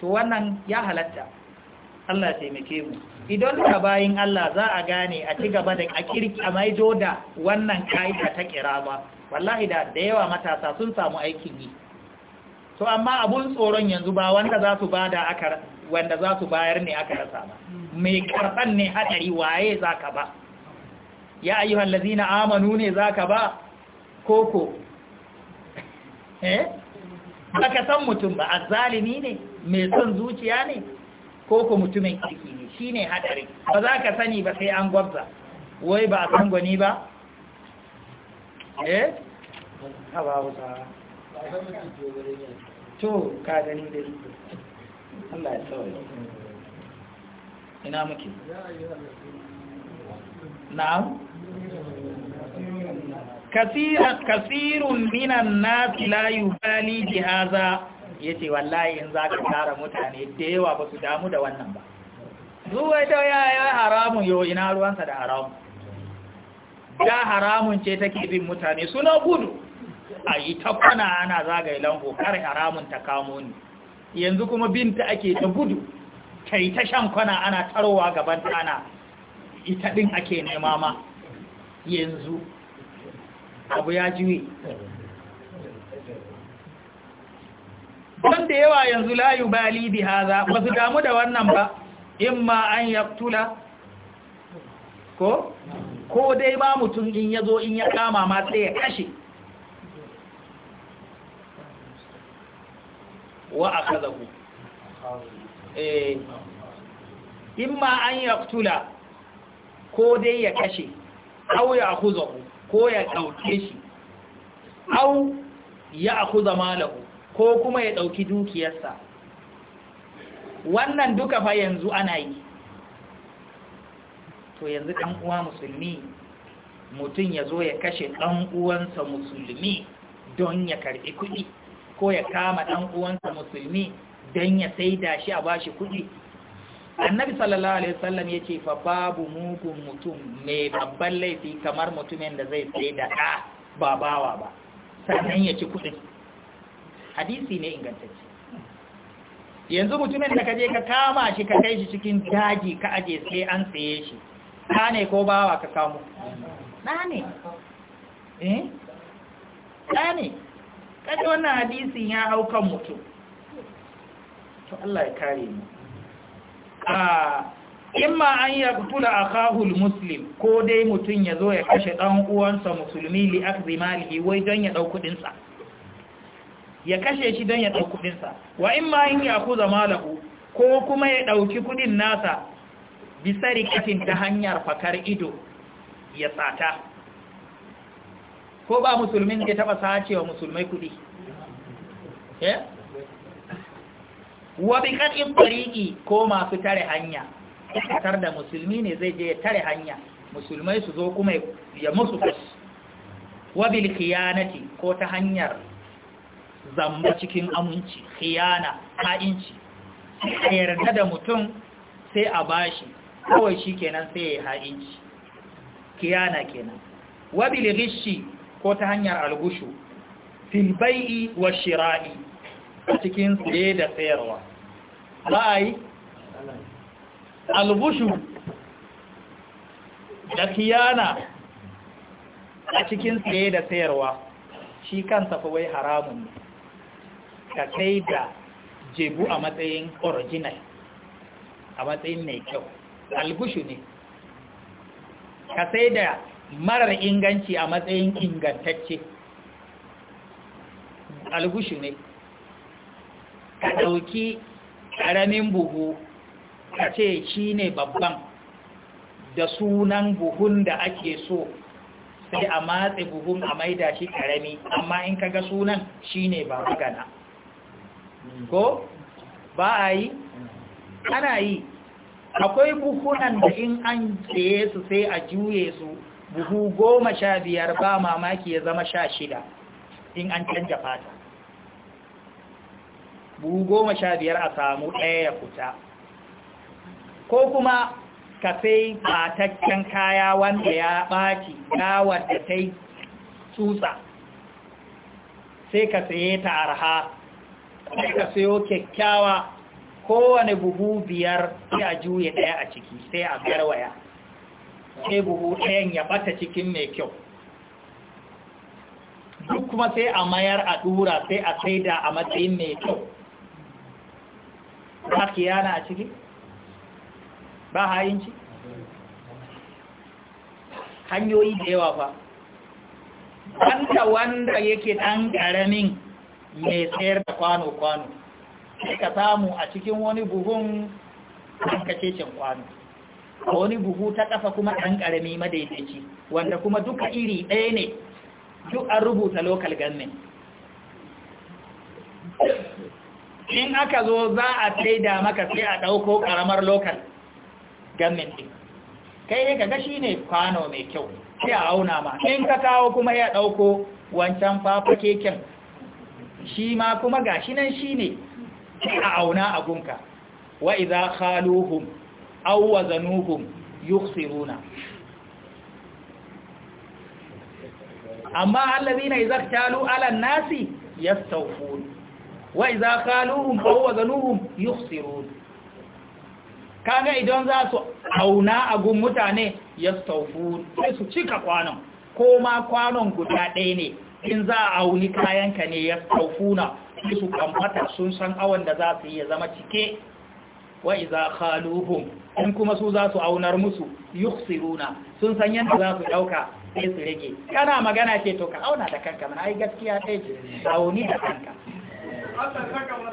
Speaker 1: to wannan ya halatta Allah taimake mu idan ka bayin Allah za a gane a ci gaba da kirki a maido da wannan ka'ida ta ba, wallahi da da yawa matasa sun samu aikin yi to amma abun tsoron yanzu ba wanda za su bada aka wanda za su bayar ne aka rasa ba mai karban ne hadari waye zaka ba ya ayyuhan lazina amanu ne za ka ba koko eh ba ka san mutum ba azzalimi ne mai son zuciya ne koko mutumin kirki ne shi ne ba za ka sani ba sai an gwabza wai ba a san gwani ba
Speaker 2: eh ha ba wuta
Speaker 1: to ka gani dai Allah ya sauya ina muke na'am kasirun minan nasi layu bali bi haza ce, wallahi in za ka tara mutane da yawa ba su damu da wannan ba zuwa ya yi haramun yau ina ruwansa da haramun? da haramun ce take bin mutane suna gudu a yi ta kwana ana zagaye lango kar haramun ta kamo ni yanzu kuma binta ake ta gudu ta yi ta shan kwana ana tarowa gaban tana ita din ake nema ma yanzu abu ya juye wanda yawa yanzu layu bali bi haza ba su damu da wannan ba in ma an yaktula ko ko dai ba mutum in ya zo in ya kama ma sai ya kashe wa a kaza ku eh, in ma an yaktula ko dai ya kashe au ya ku ko ya ɗauke shi au ya aku zama ko kuma ya ɗauki dukiyarsa wannan duka fa yanzu ana yi to yanzu ɗan uwa musulmi mutum ya zo ya kashe ɗan'uwansa uwansa musulmi don ya karɓi kuɗi ko ya kama ɗan'uwansa musulmi don ya saida shi a bashi kuɗi annabi sallallahu alaihi wasallam yace fa babu mugun mutum mai babban laifi kamar mutumin da zai tsaye da ɗa ba bawa ba sannan ya ci kuɗin hadisi ne ingantacce yanzu mutumin da kaje ka kama shi ka kai shi cikin daji ka aje sai an tsaye shi ka ne ko bawa ka kamo ɗa ne eh ɗa ne kaje wannan hadisin ya hauka mutum to Allah ya kare mu imma an a kahul muslim ko dai mutum ya zo ya kashe ɗan uwansa musulmi li akhdhi maliki wai don ya ɗau kuɗinsa? ya kashe shi don ya ɗau kudin wa imma an zama malahu ko kuma ya ɗauki kuɗin nasa bisa rikicin ta hanyar fakar ido ya sata ko ba musulmin ya taba sace wa musulmai kuɗi? Eh? wa bi qad'in ko masu tare hanya tar da musulmi ne zai je tare hanya musulmai su zo kuma ya musu kus wa bil khiyanati ko ta hanyar zamba cikin aminci khiyana ha'inci a yarda da mutum sai a bashi kawai shi kenan sai ya ha'inci kiyana kenan wa bil ko ta hanyar algushu fil wa shira'i a cikin tsaye da sayarwa ba a yi albushu da kiyana a cikin tsaye da sayarwa shi kansa wai haramun ka sai da jebu a matsayin original a matsayin mai kyau albushu ne ka sai da marar inganci a matsayin ingantacce albushu ne ka ɗauki ƙaramin buhu ka ce shi ne babban da sunan buhun da ake so sai a matse buhun a maida shi ƙarami amma in ka ga sunan shi ne babu gana ko ba a yi ana yi akwai buhunan da in an tsaye su sai a juye su buhu goma sha biyar ba mamaki ya zama sha shida in an canja fata buhu goma sha biyar a samu ɗaya ya fita ko kuma ka sai batakken kaya wanda ya ɓaci gawar da ta yi tsutsa sai ka saye ta arha sai ka sayo kyakkyawa kowane buhu biyar sai a juye ɗaya a ciki sai a garwaya sai buhu ɗayan ya ɓata cikin mai kyau duk kuma sai a mayar a ɗura sai a saida a matsayin mai kyau ba kiyana a ciki ba hayinci hanyoyi da yawa fa wanda wanda yake ɗan ƙaramin mai tsayar da kwano-kwano sai ka samu a cikin wani buhun hankacecin kwano wani buhu ta ɗafa kuma ɗan karami madaidaici wanda kuma duka iri ɗaya ne duk an rubuta local government in aka zo za a taida maka sai a ɗauko ƙaramar lokal gamin ɗin kai ne ka shi ne kwano mai kyau sai a auna ma in ka kawo kuma ya ɗauko wancan fafa keken shi ma kuma ga shi nan shi ne sai a auna a gunka wa iza auwa zanuhun wazanuhum yukhsiruna amma allazina idza talu ala nasi yastawfun wa iza kaluhum fa huwa zanuhum yukhsirun kaga idan za su auna agun mutane yastawfun sai su cika kwanon ko ma kwanon guda ɗaya ne in za a auni kayanka ne yastawfuna sai su kamfata sun san awan da za su yi ya zama cike wa iza in kuma su za su aunar musu yukhsiruna sun san yanda za su dauka sai su rage kana magana ce to ka auna da kanka mana ai gaskiya ɗaya ce auni da kanka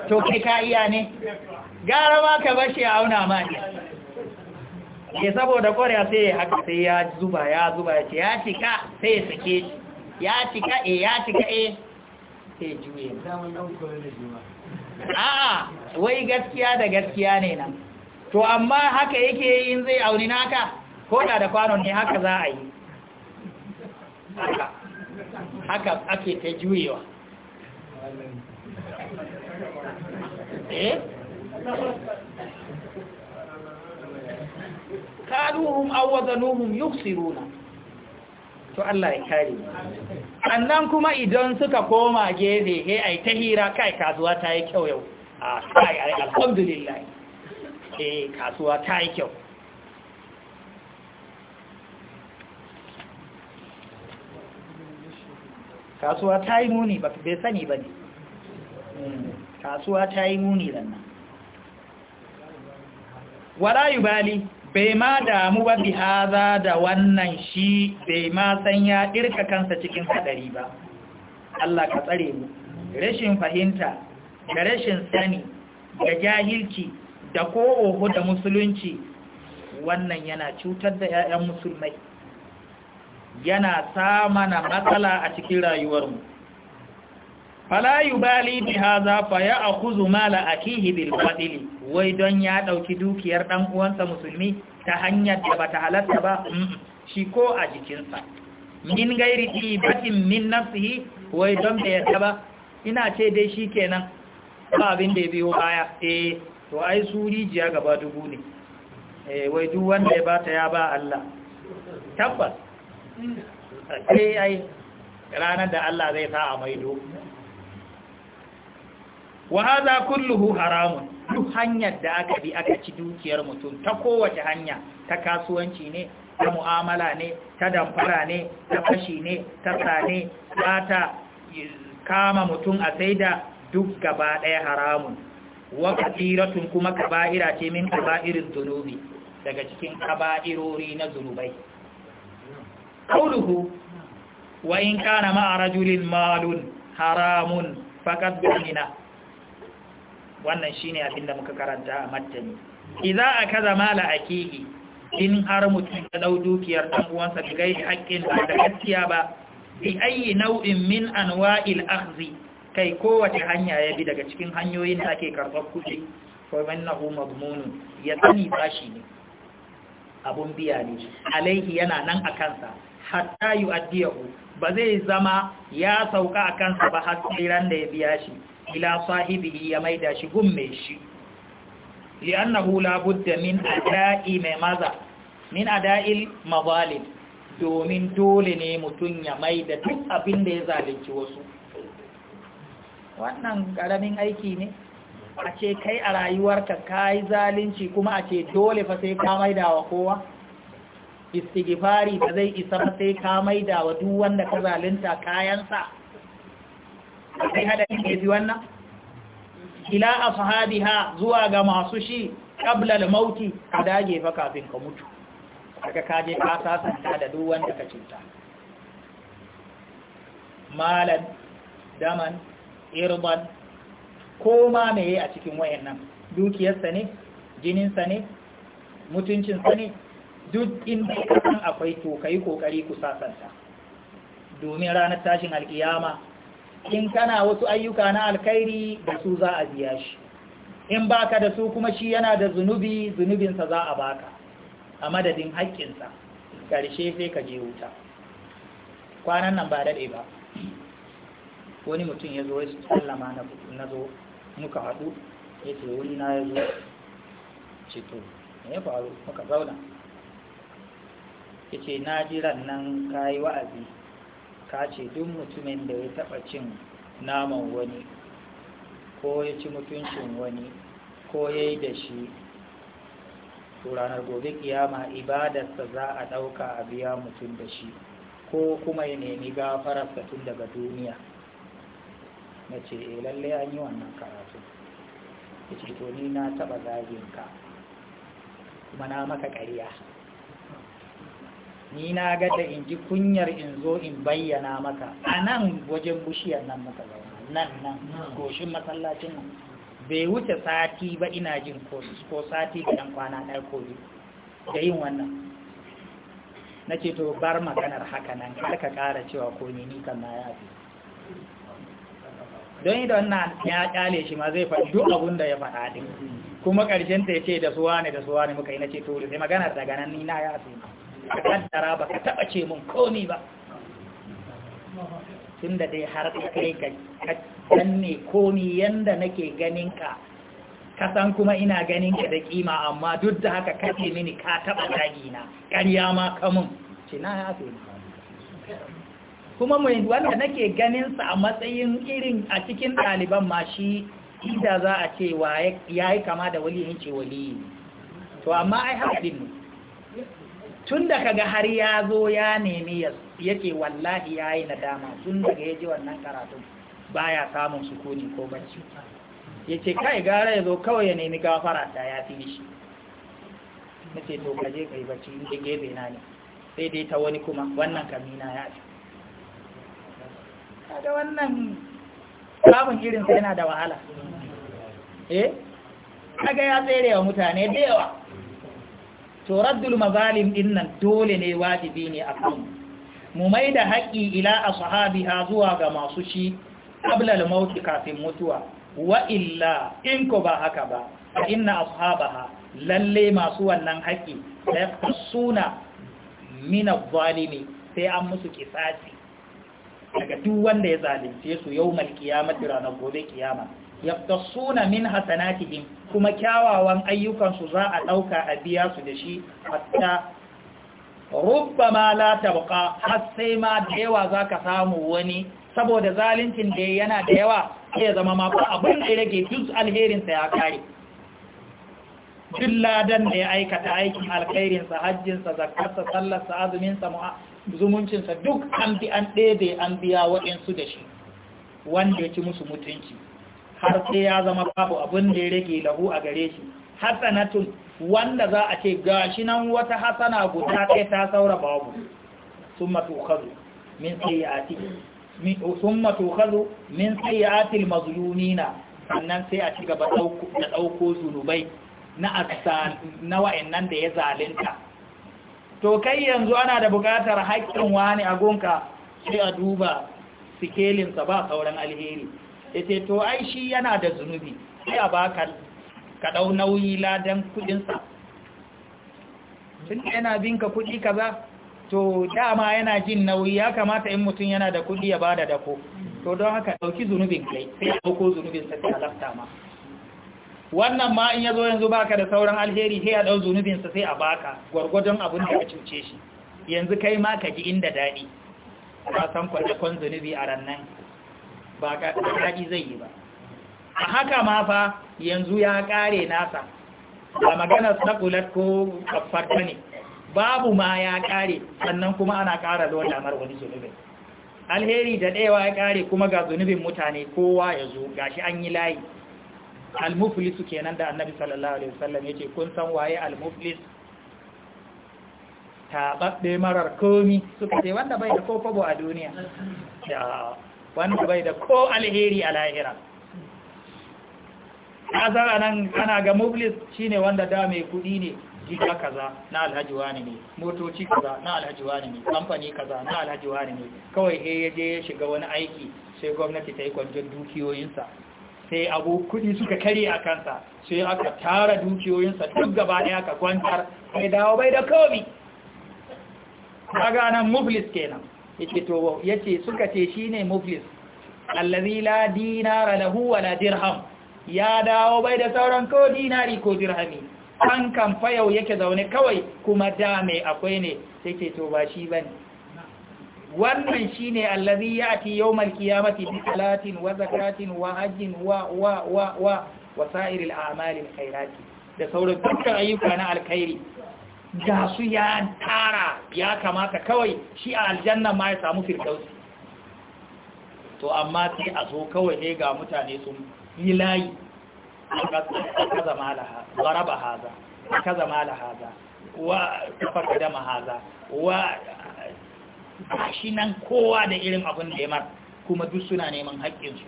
Speaker 2: to kai ka iya ne gara
Speaker 1: ma ka bashi a auna ma ne ke saboda ƙwarya sai haka sai ya zuba ya zuba ya ce ya cika sai suke ya cika e ya cika e sai juye a'a wai gaskiya da gaskiya ne nan to amma haka yake yin zai auni naka ko da da kwanon ne haka za a yi haka ake ta juyewa Eh? kaluhum awadanuhum wazanuhum yuksiruna to Allah ya kare annan kuma idan suka koma gefe eh ai ta hira kai kasuwa ta yi kyau yau a ai alhamdulillah eh kasuwa ta yi kyau kasuwa ta yi muni ba bai sani ba ne kasuwa ta yi muni ranna wala yubali bai ma damu ba bi haza da wannan shi bai ma san ya ƙirka kansa cikin hadari ba Allah ka tsare mu rashin fahimta da rashin sani da jahilci da ko da musulunci wannan yana cutar da 'ya'yan musulmai yana sa mana matsala a cikin rayuwarmu fala yubali bi hadha fa ya'khudhu mala akihi bil fadli wai don ya dauki dukiyar dan uwansa musulmi ta hanyar da bata halatta ba shi ko a jikinsa min gairi tibatin min nafsihi wai don da ya ba ina ce dai shi kenan ba abin da ya biyo baya eh to ai su jiya gaba dubu ne eh wai duk wanda ya bata ya ba Allah tabbas eh ai ranar da Allah zai sa a maido wa haza kulluhu haramun duk hanyar da aka bi aka ci dukiyar mutum ta kowace hanya ta kasuwanci ne ta mu'amala ne ta damfara ne ta fashi ne ta tsane ta kama mutum a saida duk gaba ɗaya haramun wa kasiratun kuma kaba'ira ce min kaba'irin zunubi daga cikin kaba'irori na zunubai kauluhu wa in kana ma'a malun haramun faqad bina wannan shine abin da muka karanta a martani idza akaza mala akihi in har mutum ya dau dukiyar dan uwansa bi gairi haƙƙin ba da gaskiya ba bi ayi nau'in min anwa'il akhzi kai kowace hanya ya bi daga cikin hanyoyin da ake karɓar kuɗi fa mannahu madmunun ya sani bashi ne abun biya ne alaihi yana nan a kansa hatta yu'addiyahu ba zai zama ya sauka a kansa ba har tsiran da ya biya shi ila sahibihi ya maida shi gumme shi li'annahu la budda min ada'i mai maza min ada'il mazalim domin dole ne mutum ya maida duk abin da ya zalunci wasu wannan karamin aiki ne a ce kai a rayuwarka kayi zalunci kuma a ce dole fa sai ka maida wa kowa istighfari da zai isa sai ka maida wa duk wanda ka zalunta kayansa sai hadarin ya fi wannan ila ashabiha zuwa ga masu shi qabla al-mauti ka dage fa kafin ka mutu ka je ka sasanta da duk wanda ka cinta malan daman irban ko ma meye a cikin wayannan dukiyarsa ne jininsa ne mutuncinsa ne duk inda kan akwai to kai kokari ku sasanta domin ranar tashin alkiyama in kana wasu ayyuka na alkhairi da su za a biya shi in baka da su kuma shi yana da zunubi zunubinsa za a baka a madadin haƙƙinsa ƙarshe sai ka je wuta kwanan nan ba daɗe ba wani mutum ya zo ya sallama na zo muka haɗu ya ce wuri na ya zo ceto ya faru muka zauna ya ce na jiran nan kayi wa'azi ka ce duk mutumin da ya taɓa cin naman wani ko ya ci mutuncin wani ko ya yi da shi ranar gobe kiyama ibadarsa za a ɗauka a biya mutum da shi ko kuma ya nemi gafararsa tun daga duniya na ce e lalle an yi wannan karatu ya ce to ni na taɓa zagin ka kuma na maka ƙarya ni na ga da in ji kunyar in zo in bayyana maka a nan wajen bushiyar nan maka zaune nan nan goshin masallacin nan bai wuce sati ba ina jin ko sati da ɗan kwana ɗaya ko biyu da yin wannan na ce to bar maganar haka nan kar ka ƙara cewa ko ne ni kan ya fi don yi da wannan ya kyale shi ma zai faɗi duk abin da ya faɗa ɗin kuma ƙarshen ta ya ce da suwa ne da suwa ne muka yi na ce to sai maganar daga nan ni na ya fi ka kaddara ba ka taba ce mun komi ba tun da dai har kai ka danne komi yanda nake ganin ka kasan kuma ina ganin ka da kima amma duk da haka kace mini ka taba zagi na ƙarya ma kamun ce na yafe kuma mai wanda nake ganin sa a matsayin irin a cikin ɗaliban ma shi ida za a ce ya yi kama da waliyin ce waliyi to amma ai haɗin ne tun da kaga har ya zo ya nemi yake wallahi ya yi nadama tun daga ya ji wannan karatun baya samun sukuni ko bacci ya ce kai gara ya zo kawai ya nemi gafara ta ya fi shi na ce to kaje kai bacci inda gebe na ne sai dai ta wani kuma wannan kamina ya ce kaga wannan samun sai yana da wahala eh kaga ya tsere wa mutane da yawa to raddul mazalim din dole ne wajibi ne a kan mu mai da haƙƙi ila ashabiha zuwa ga masu shi qabla maut kafin mutuwa wa illa in ko ba haka ba inna ashabaha lalle masu wannan haƙƙi da suna min zalimi sai an musu kisasi daga duk wanda ya zalunce su yawmal qiyamati ranar gobe kiyama yaqtasuna min hasanatihim kuma kyawawan ayyukansu za a ɗauka a biya su da shi hatta rubbama la tabqa har sai ma da yawa zaka samu wani saboda zalincin da yana da yawa sai zama ma ba abin da rage duk alherin sa ya kare billadan da ya aikata aikin alkhairin sa hajjin sa zakar sa sallar sa azumin sa zumuncin sa duk an bi an dede an biya waɗansu da shi wanda ya ci musu mutunci har sai ya zama babu abin da ya rage lahu a gare shi hasanatun wanda za a ce gashi nan wata hasana guda ɗaya ta saura babu summa tukhadhu min sayyi'ati min summa tukhadhu min sayyi'ati almazlumina sannan sai a ci gaba da dauko zunubai na aksan na wa'annan da ya zalunta to kai yanzu ana da buƙatar haƙƙin wani a gonka sai a duba sikelinsa ba sauran alheri yace to ai shi yana da zunubi sai a baka ka dau nauyi ladan kudin sa tun yana binka kudi kaza to dama yana jin nauyi ya kamata in mutum yana da kudi ya bada dako to don haka dauki zunubin kai sai dauko zunubin sa sai lafta ma wannan ma in yazo yanzu baka da sauran alheri sai a dau zunubin sa sai a baka gwargwadon abin da ka cuce shi yanzu kai ma ka ji inda dadi ba san kon zunubi a rannan ba daɗi zai yi ba a haka ma fa yanzu ya ƙare nasa ba maganar sakulat ko kafarta ne babu ma ya ƙare sannan kuma ana ƙara zuwa damar wani zunubin alheri da ɗaya ya ƙare kuma ga zunubin mutane kowa ya zo shi an yi layi su kenan da annabi sallallahu alaihi wasallam ce kun san waye almuflis taɓaɓɓe marar komi suka ce wanda bai da kofabo a duniya wanda bai da ko alheri a lahira zara nan ana ga mublis shine wanda da mai kudi ne gida kaza na alhaji wani ne motoci kaza na alhaji wani ne kamfani kaza na alhaji wani ne kawai he ya je ya shiga wani aiki sai gwamnati ta yi kwanjon dukiyoyinsa sai abu kudi suka kare a kansa sai aka tara dukiyoyinsa duk gaba ɗaya aka kwantar sai dawo bai da komi kaga nan muflis kenan yace to ce suka ce shine muflis allazi dinara lahu wala dirham ya dawo bai da sauran ko dinari ko dirhami an kan fayau yake zaune kawai kuma da mai akwai ne sai ce to ba shi bane wannan shine allazi yati yawmal qiyamati bi salatin wa zakatin wa hajjin wa wa wa wa wa amalin khairati da sauran dukkan ayyuka na alkhairi ga su ya tara ya kamata kawai shi a aljannan ma ya samu firdausi to amma sai a zo kawai ne ga mutane sun yi layi kaza malaha zaraba haza kaza haza wa kafar da mahaza wa shi nan kowa da irin abin da kuma duk suna neman haƙƙinsu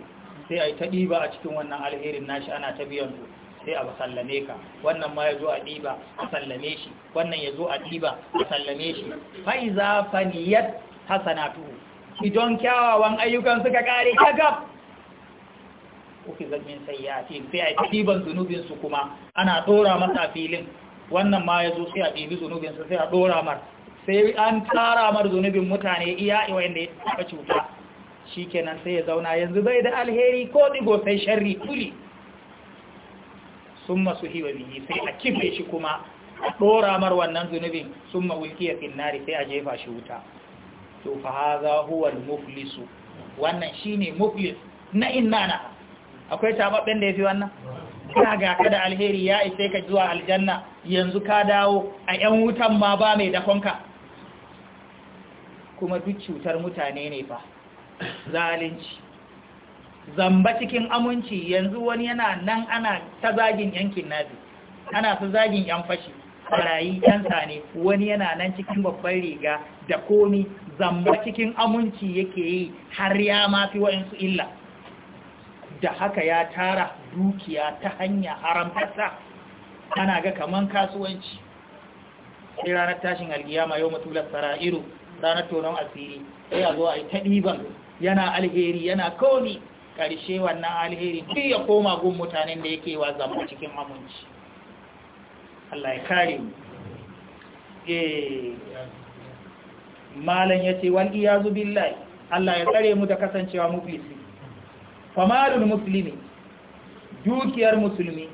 Speaker 1: sai a yi ta ɗiba a cikin wannan alherin nashi ana ta biyan su sai a sallame ka wannan ma ya zo a ɗiba a sallame shi wannan ya zo a ɗiba a sallame shi fa'iza faniyat hasanatu idon kyawawan ayyukan suka kare kagab uki ya sayyatin sai a ɗiban zunubinsu kuma ana ɗora masa filin wannan ma ya zo sai a ɗibi zunubinsu sai a ɗora mar sai an tara mar zunubin mutane iya wanda ya taɓa cuta shi kenan sai ya zauna yanzu bai da alheri ko ɗigo, sai sharri kuli sun masu hiwa biyi sai a kife shi kuma a ɗora mar wannan zunubin sun a finnari sai a jefa shi wuta to fa huwar muflisu wannan shi ne muflis na innana akwai tababben da ya fi wannan ka ga kada alheri ya isai ka zuwa aljanna yanzu ka dawo a yan wutan ma ba mai dakonka kuma duk cutar mutane ne fa zalunci zamba cikin aminci yanzu wani yana nan ana ta zagin yankin nazi ana ta zagin yan fashi barayi yan sane wani yana nan cikin babban riga da komi zamba cikin aminci yake yi har ya mafi wa'insu illa da haka ya tara dukiya ta hanya haramtarsa ana ga kamar kasuwanci sai ranar tashin alkiyama yau matular sara'iru ranar tonon asiri sai a zo a yi ta ɗiban yana alheri yana komi ƙarshe wannan alheri duk ya koma gun mutanen da yake wa zama cikin aminci Allah ya kare mu eh malan yace wal iyazu billahi Allah ya tsare mu da kasancewa muflisi malul muslimi dukiyar musulmi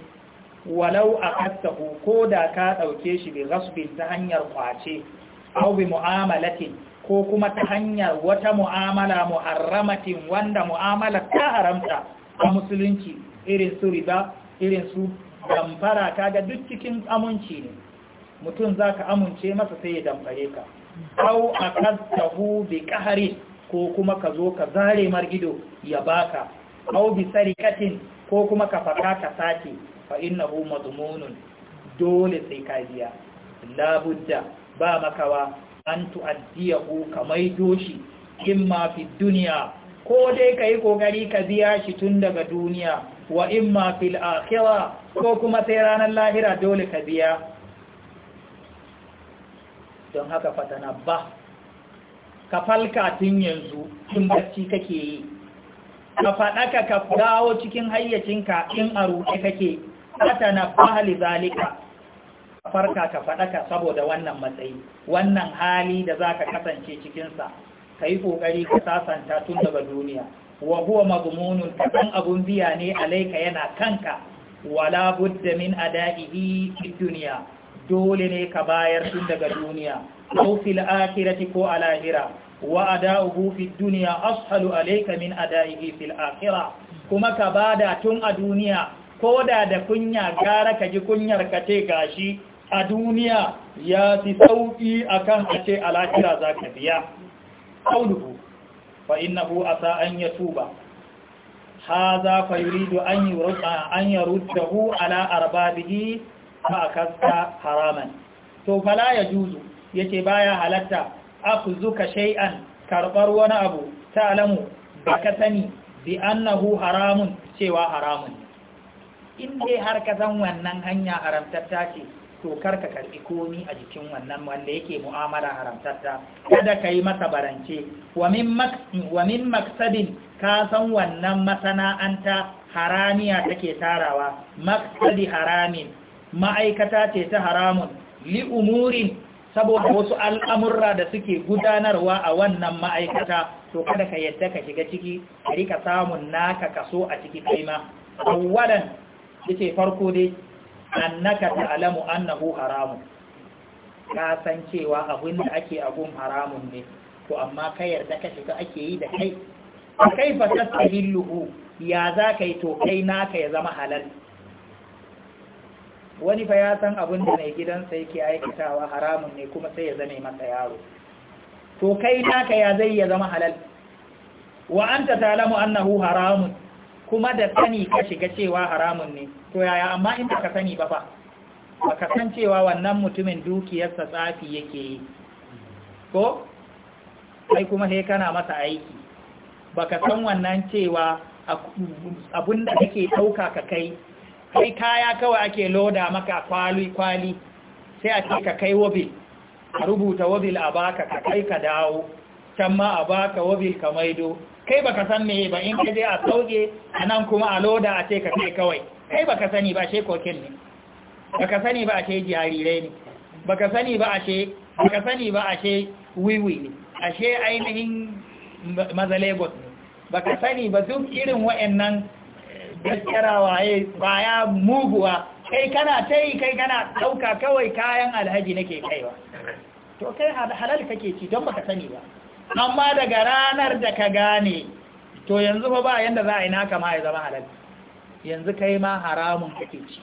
Speaker 1: walau akattahu ko da ka dauke shi bi ghasbin ta hanyar kwace aw bi mu'amalatin ko kuma ta hanyar wata mu'amala muharramatin wanda mu'amala ta haramta a musulunci irin su riba irin su damfara ga duk cikin aminci ne mutum za ka amince masa sai ya damfare ka au a kastahu bi kahari ko kuma ka zo ka zare margido ya baka au bi sarikatin ko kuma ka faka ka sace fa hu madmunun dole sai ka biya labudda ba makawa an tu'addiyahu kamai doshi in ma fi duniya ko dai ka yi ka biya shi tun daga duniya wa in ma fil akhirah ko kuma sai ranar lahira dole ka biya don haka fatana ba ka falka tun yanzu tun bacci kake yi ka faɗaka ka dawo cikin hayyacinka in a ruɗe kake fatana ba hali zalika farka ka faɗaka saboda wannan matsayi wannan hali da za ka kasance cikinsa ka yi ƙoƙari ka sasanta tun daga duniya wa huwa mazmunun kaɗan abun biya ne alaika yana kanka wala budda min ada'ihi fi duniya dole ne ka bayar tun daga duniya aw fil akhirati ko a lahira wa ada'uhu fi duniya ashalu alayka min ada'ihi fil akhirah kuma ka bada tun a duniya Ko da da kunya gara ka ji kunyar ka ce gashi a duniya ya fi sauƙi akan a ce alakira za ka biya ƙauluhu fa innahu sa an ya tuba za fa rido an yi rute hu ala arbabihi a kasta haraman to fala ya juzu yace baya halatta afzuka shai'an karɓar wani abu ta Alamu, ta'lamu ka sani bi annahu haramun cewa haramun in dai har ka san wannan hanya haramtatta ce to kar ka karbi komi a jikin wannan wanda yake mu'amala haramtatta kada ka yi masa barance wa min maksadin ka san wannan masana'anta haramiya take tarawa maksadi haramin ma'aikata ce ta haramun li umurin saboda wasu al'amurra da suke gudanarwa a wannan ma'aikata to kada ka yadda ka shiga ciki ka rika samun naka kaso a ciki kaima awwalan yace farko dai annaka ta'lamu annahu haramun ka san cewa abin da ake abun haramun ne to amma ka yarda ka shiga ake yi da kai kai fa tasahilluhu ya za ka yi to kai naka ya zama halal wani fa ya san abin da mai gidansa yake aikatawa haramun ne kuma sai ya zame masa yaro to kai naka ya zai ya zama halal wa anta ta'lamu annahu haramun kuma da sani ka shiga cewa haramun ne to yaya amma in ka sani ba fa baka san cewa wannan mutumin dukiyarsa tsafi yake yi ko sai kuma he kana masa aiki baka san wannan cewa abunda yake dauka ka kai kai kaya kawai ake loda maka kwali kwali sai a ce ka kai wabil a rubuta wabil a baka ka kai ka dawo can ma a baka wabil ka maido kai baka san me ba in kaje a sauke anan kuma a loda a ce ka kai kawai kai baka sani ba ashe kokin ne baka sani ba ashe jarirai ne baka sani ba ashe baka sani ba ashe wiwi ne ashe ainihin mazalebot ne baka sani ba duk irin wa'annan eh, gaskarawa ya baya muguwa kai kana tai kai kana ɗauka kawai kayan alhaji nake kaiwa to kai halal kake ci don baka sani ba amma daga ranar da ka gane to yanzu ba ba yanda za a yi naka ma ya zama halal yanzu kai ma haramun kake ci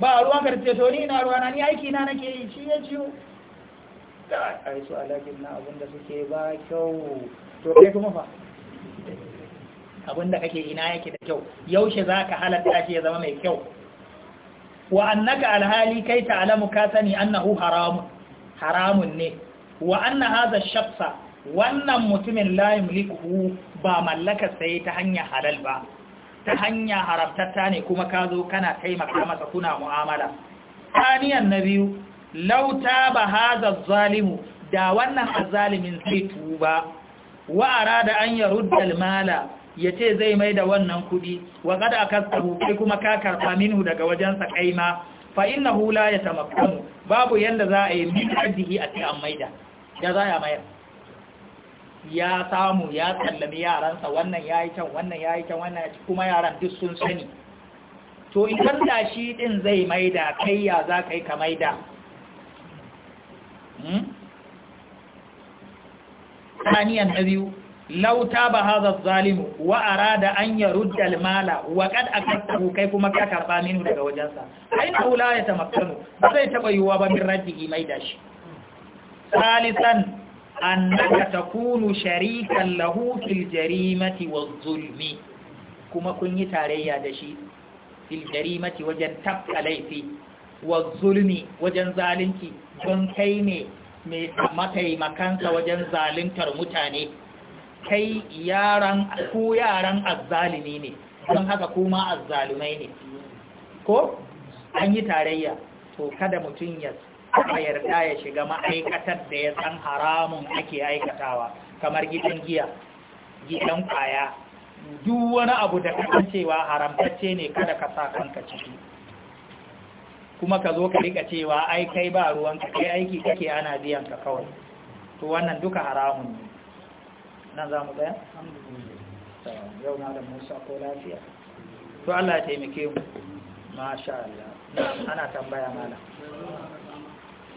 Speaker 1: ba ruwan karfe to ni na ruwana ni aiki na nake yi shi ya ciwo da Ai su alaƙin na abinda suke ba kyau to kai kuma fa abinda kake ina yake da kyau yaushe za ka halatta shi ya zama mai kyau wa annaka alhali kai ta'lamu ka sani annahu haramun haramun ne wa anna hadha shakhsa wannan mutumin la yamliku ba mallakar sai ta hanya halal ba ta hanya haramtatta ne kuma ka zo kana taimaka masa kuna mu'amala taniyan na biyu lauta ba haza zalimu da wannan azalimin sai tuba Wa'ara da an yarudda mala ya ce zai mai da wannan kuɗi wa kada aka kai kuma ka karɓa minhu daga wajensa kaima fa hula ya yatamakkanu babu yadda za a yi min a ce an maida da za ya mayar ya samu ya tsallami yaransa wannan ya yi can wannan ya yi can wannan ya ci kuma yaran duk sun sani to in da shi din zai maida kai ya za ka yi ka maida hmm? saniyan na biyu lauta ba haza zalimu wa da an yi rujjal mala wa kad a karfafu kai kuma ka karfa minu daga wajensa ai na hula ya ta makkanu ba zai taɓa yiwuwa ba min rajji maida shi salisan annaka takunu sharikan lahu fil jarimati zulmi kuma kun yi tarayya da shi fil jarimati wajen tafka laifi wa zulmi wajen zalunci don kai ne mai mataimakansa wajen zaluntar mutane kai yaran ku yaran azzalimi ne don haka kuma azzalumai ne ko an yi tarayya to kada mutum ya taɓa yarda ya shiga ma'aikatar da ya san haramun ake aikatawa kamar gidan giya gidan kwaya duk wani abu da cewa haramtacce ne kada ka sa kanka ciki kuma ka zo ka rika cewa ai kai ba ruwanka kai aiki kake ana biyan ka kawai to wannan duka haramun ne nan za mu tsaya? yau na da musa ko lafiya to Allah ya taimake mu masha Allah ana tambaya mana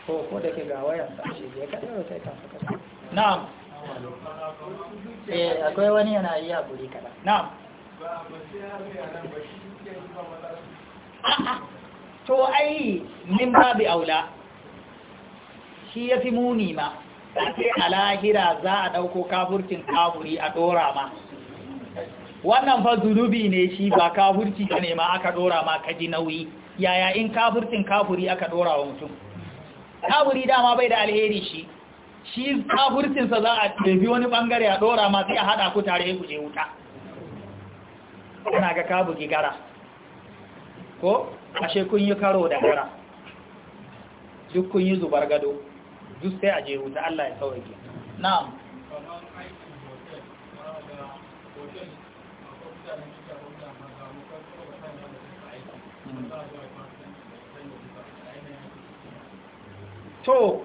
Speaker 1: ko ko da ke ga wayan shi ya kaɗa ta ka saka na'am
Speaker 2: eh akwai wani yana yi haƙuri kaɗa na'am
Speaker 1: to ai min babi aula shi ya fi muni ma ake a lahira za a ɗauko kafurcin kafuri a ɗora ma wannan fa zunubi ne shi ba kafurci ka nema aka ɗora ma ka ji nauyi yaya in kafurcin kafuri aka dora wa mutum kaburi dama bai da alheri shi shi kaburcinsa za a ɗabi wani ɓangare a ɗora ma sai a haɗa ku tare ku je wuta ana ga kabuki gara ko ashe kun yi karo da gara duk kun yi zubar gado duk sai a je wuta Allah ya sauke na'am Thank hmm. you. to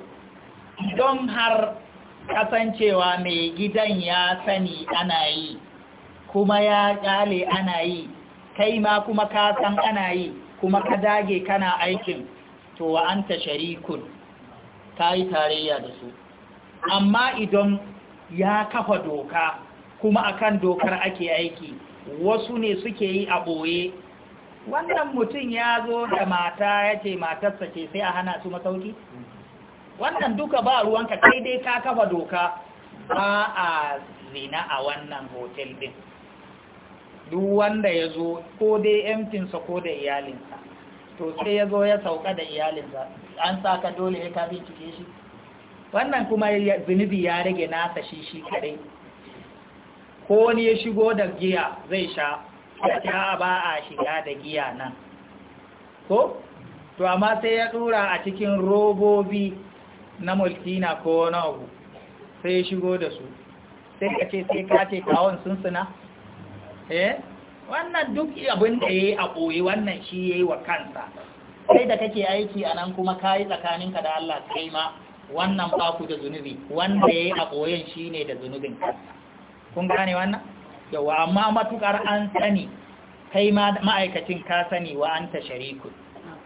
Speaker 1: don har kasancewa mai gidan ya sani ana yi kuma ya kyale ana yi kai ma kuma ka san ana yi kuma ka dage kana aikin to wa ta sharikun ta yi tarayya da su amma idan ya kafa doka kuma akan dokar ake aiki wasu ne suke yi a ɓoye wannan mutum ya zo da mata ya ce matarsa ce sai a hana su masauki? wannan duka ba ruwanka kai dai ka kafa doka ba a zina a wannan hotel din duk wanda ya zo ko dai emtinsa ko da iyalinsa to sai ya zo ya sauka da iyalinsa an saka dole ya kafin cike shi wannan kuma zunubi ya rage nasa shi shi kadai ko wani ya shigo da giya zai sha ya ba a shiga da giya nan ko to amma sai ya dura a cikin robobi na mulki na ko wani abu sai shigo da su sai ka ce sai ka ce kawon sun suna eh wannan duk abin da ya yi a ɓoye wannan shi ya yi wa kansa sai da kake aiki a nan kuma ka yi tsakaninka da Allah sai ma wannan ba ku da zunubi wanda ya yi a ɓoyen shi ne da zunubin kansa kun gane wannan yawa amma matukar an sani kai ma ma'aikacin ka sani wa an ta shariku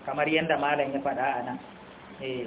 Speaker 1: kamar yadda malam ya faɗa a nan eh.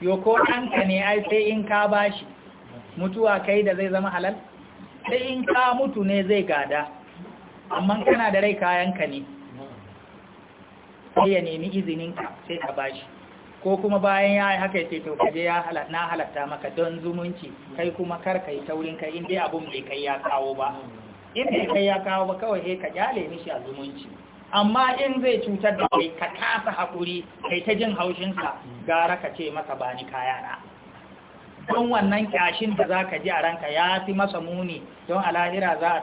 Speaker 1: yo ko ɗanka ne ai sai in ka bashi mutuwa kai da zai zama halal sai in ka mutu ne zai gada amma kana da rai kayanka ne sai ya nemi izininka sai ka bashi ko kuma bayan ya yi haka ya ce to kaje ya na halatta maka don zumunci kai kuma kar kai taurin kai inda dai abun bai kai ya kawo ba in kai ya kawo ba kawai sai ka kyale mishi a zumunci amma in zai cutar da kai ka tafi haƙuri kai ta jin haushin haushinsa gara ka ce masa ba ni kayana don wannan kyashin da za ka ji a ranka ya fi masa muni don alahira za a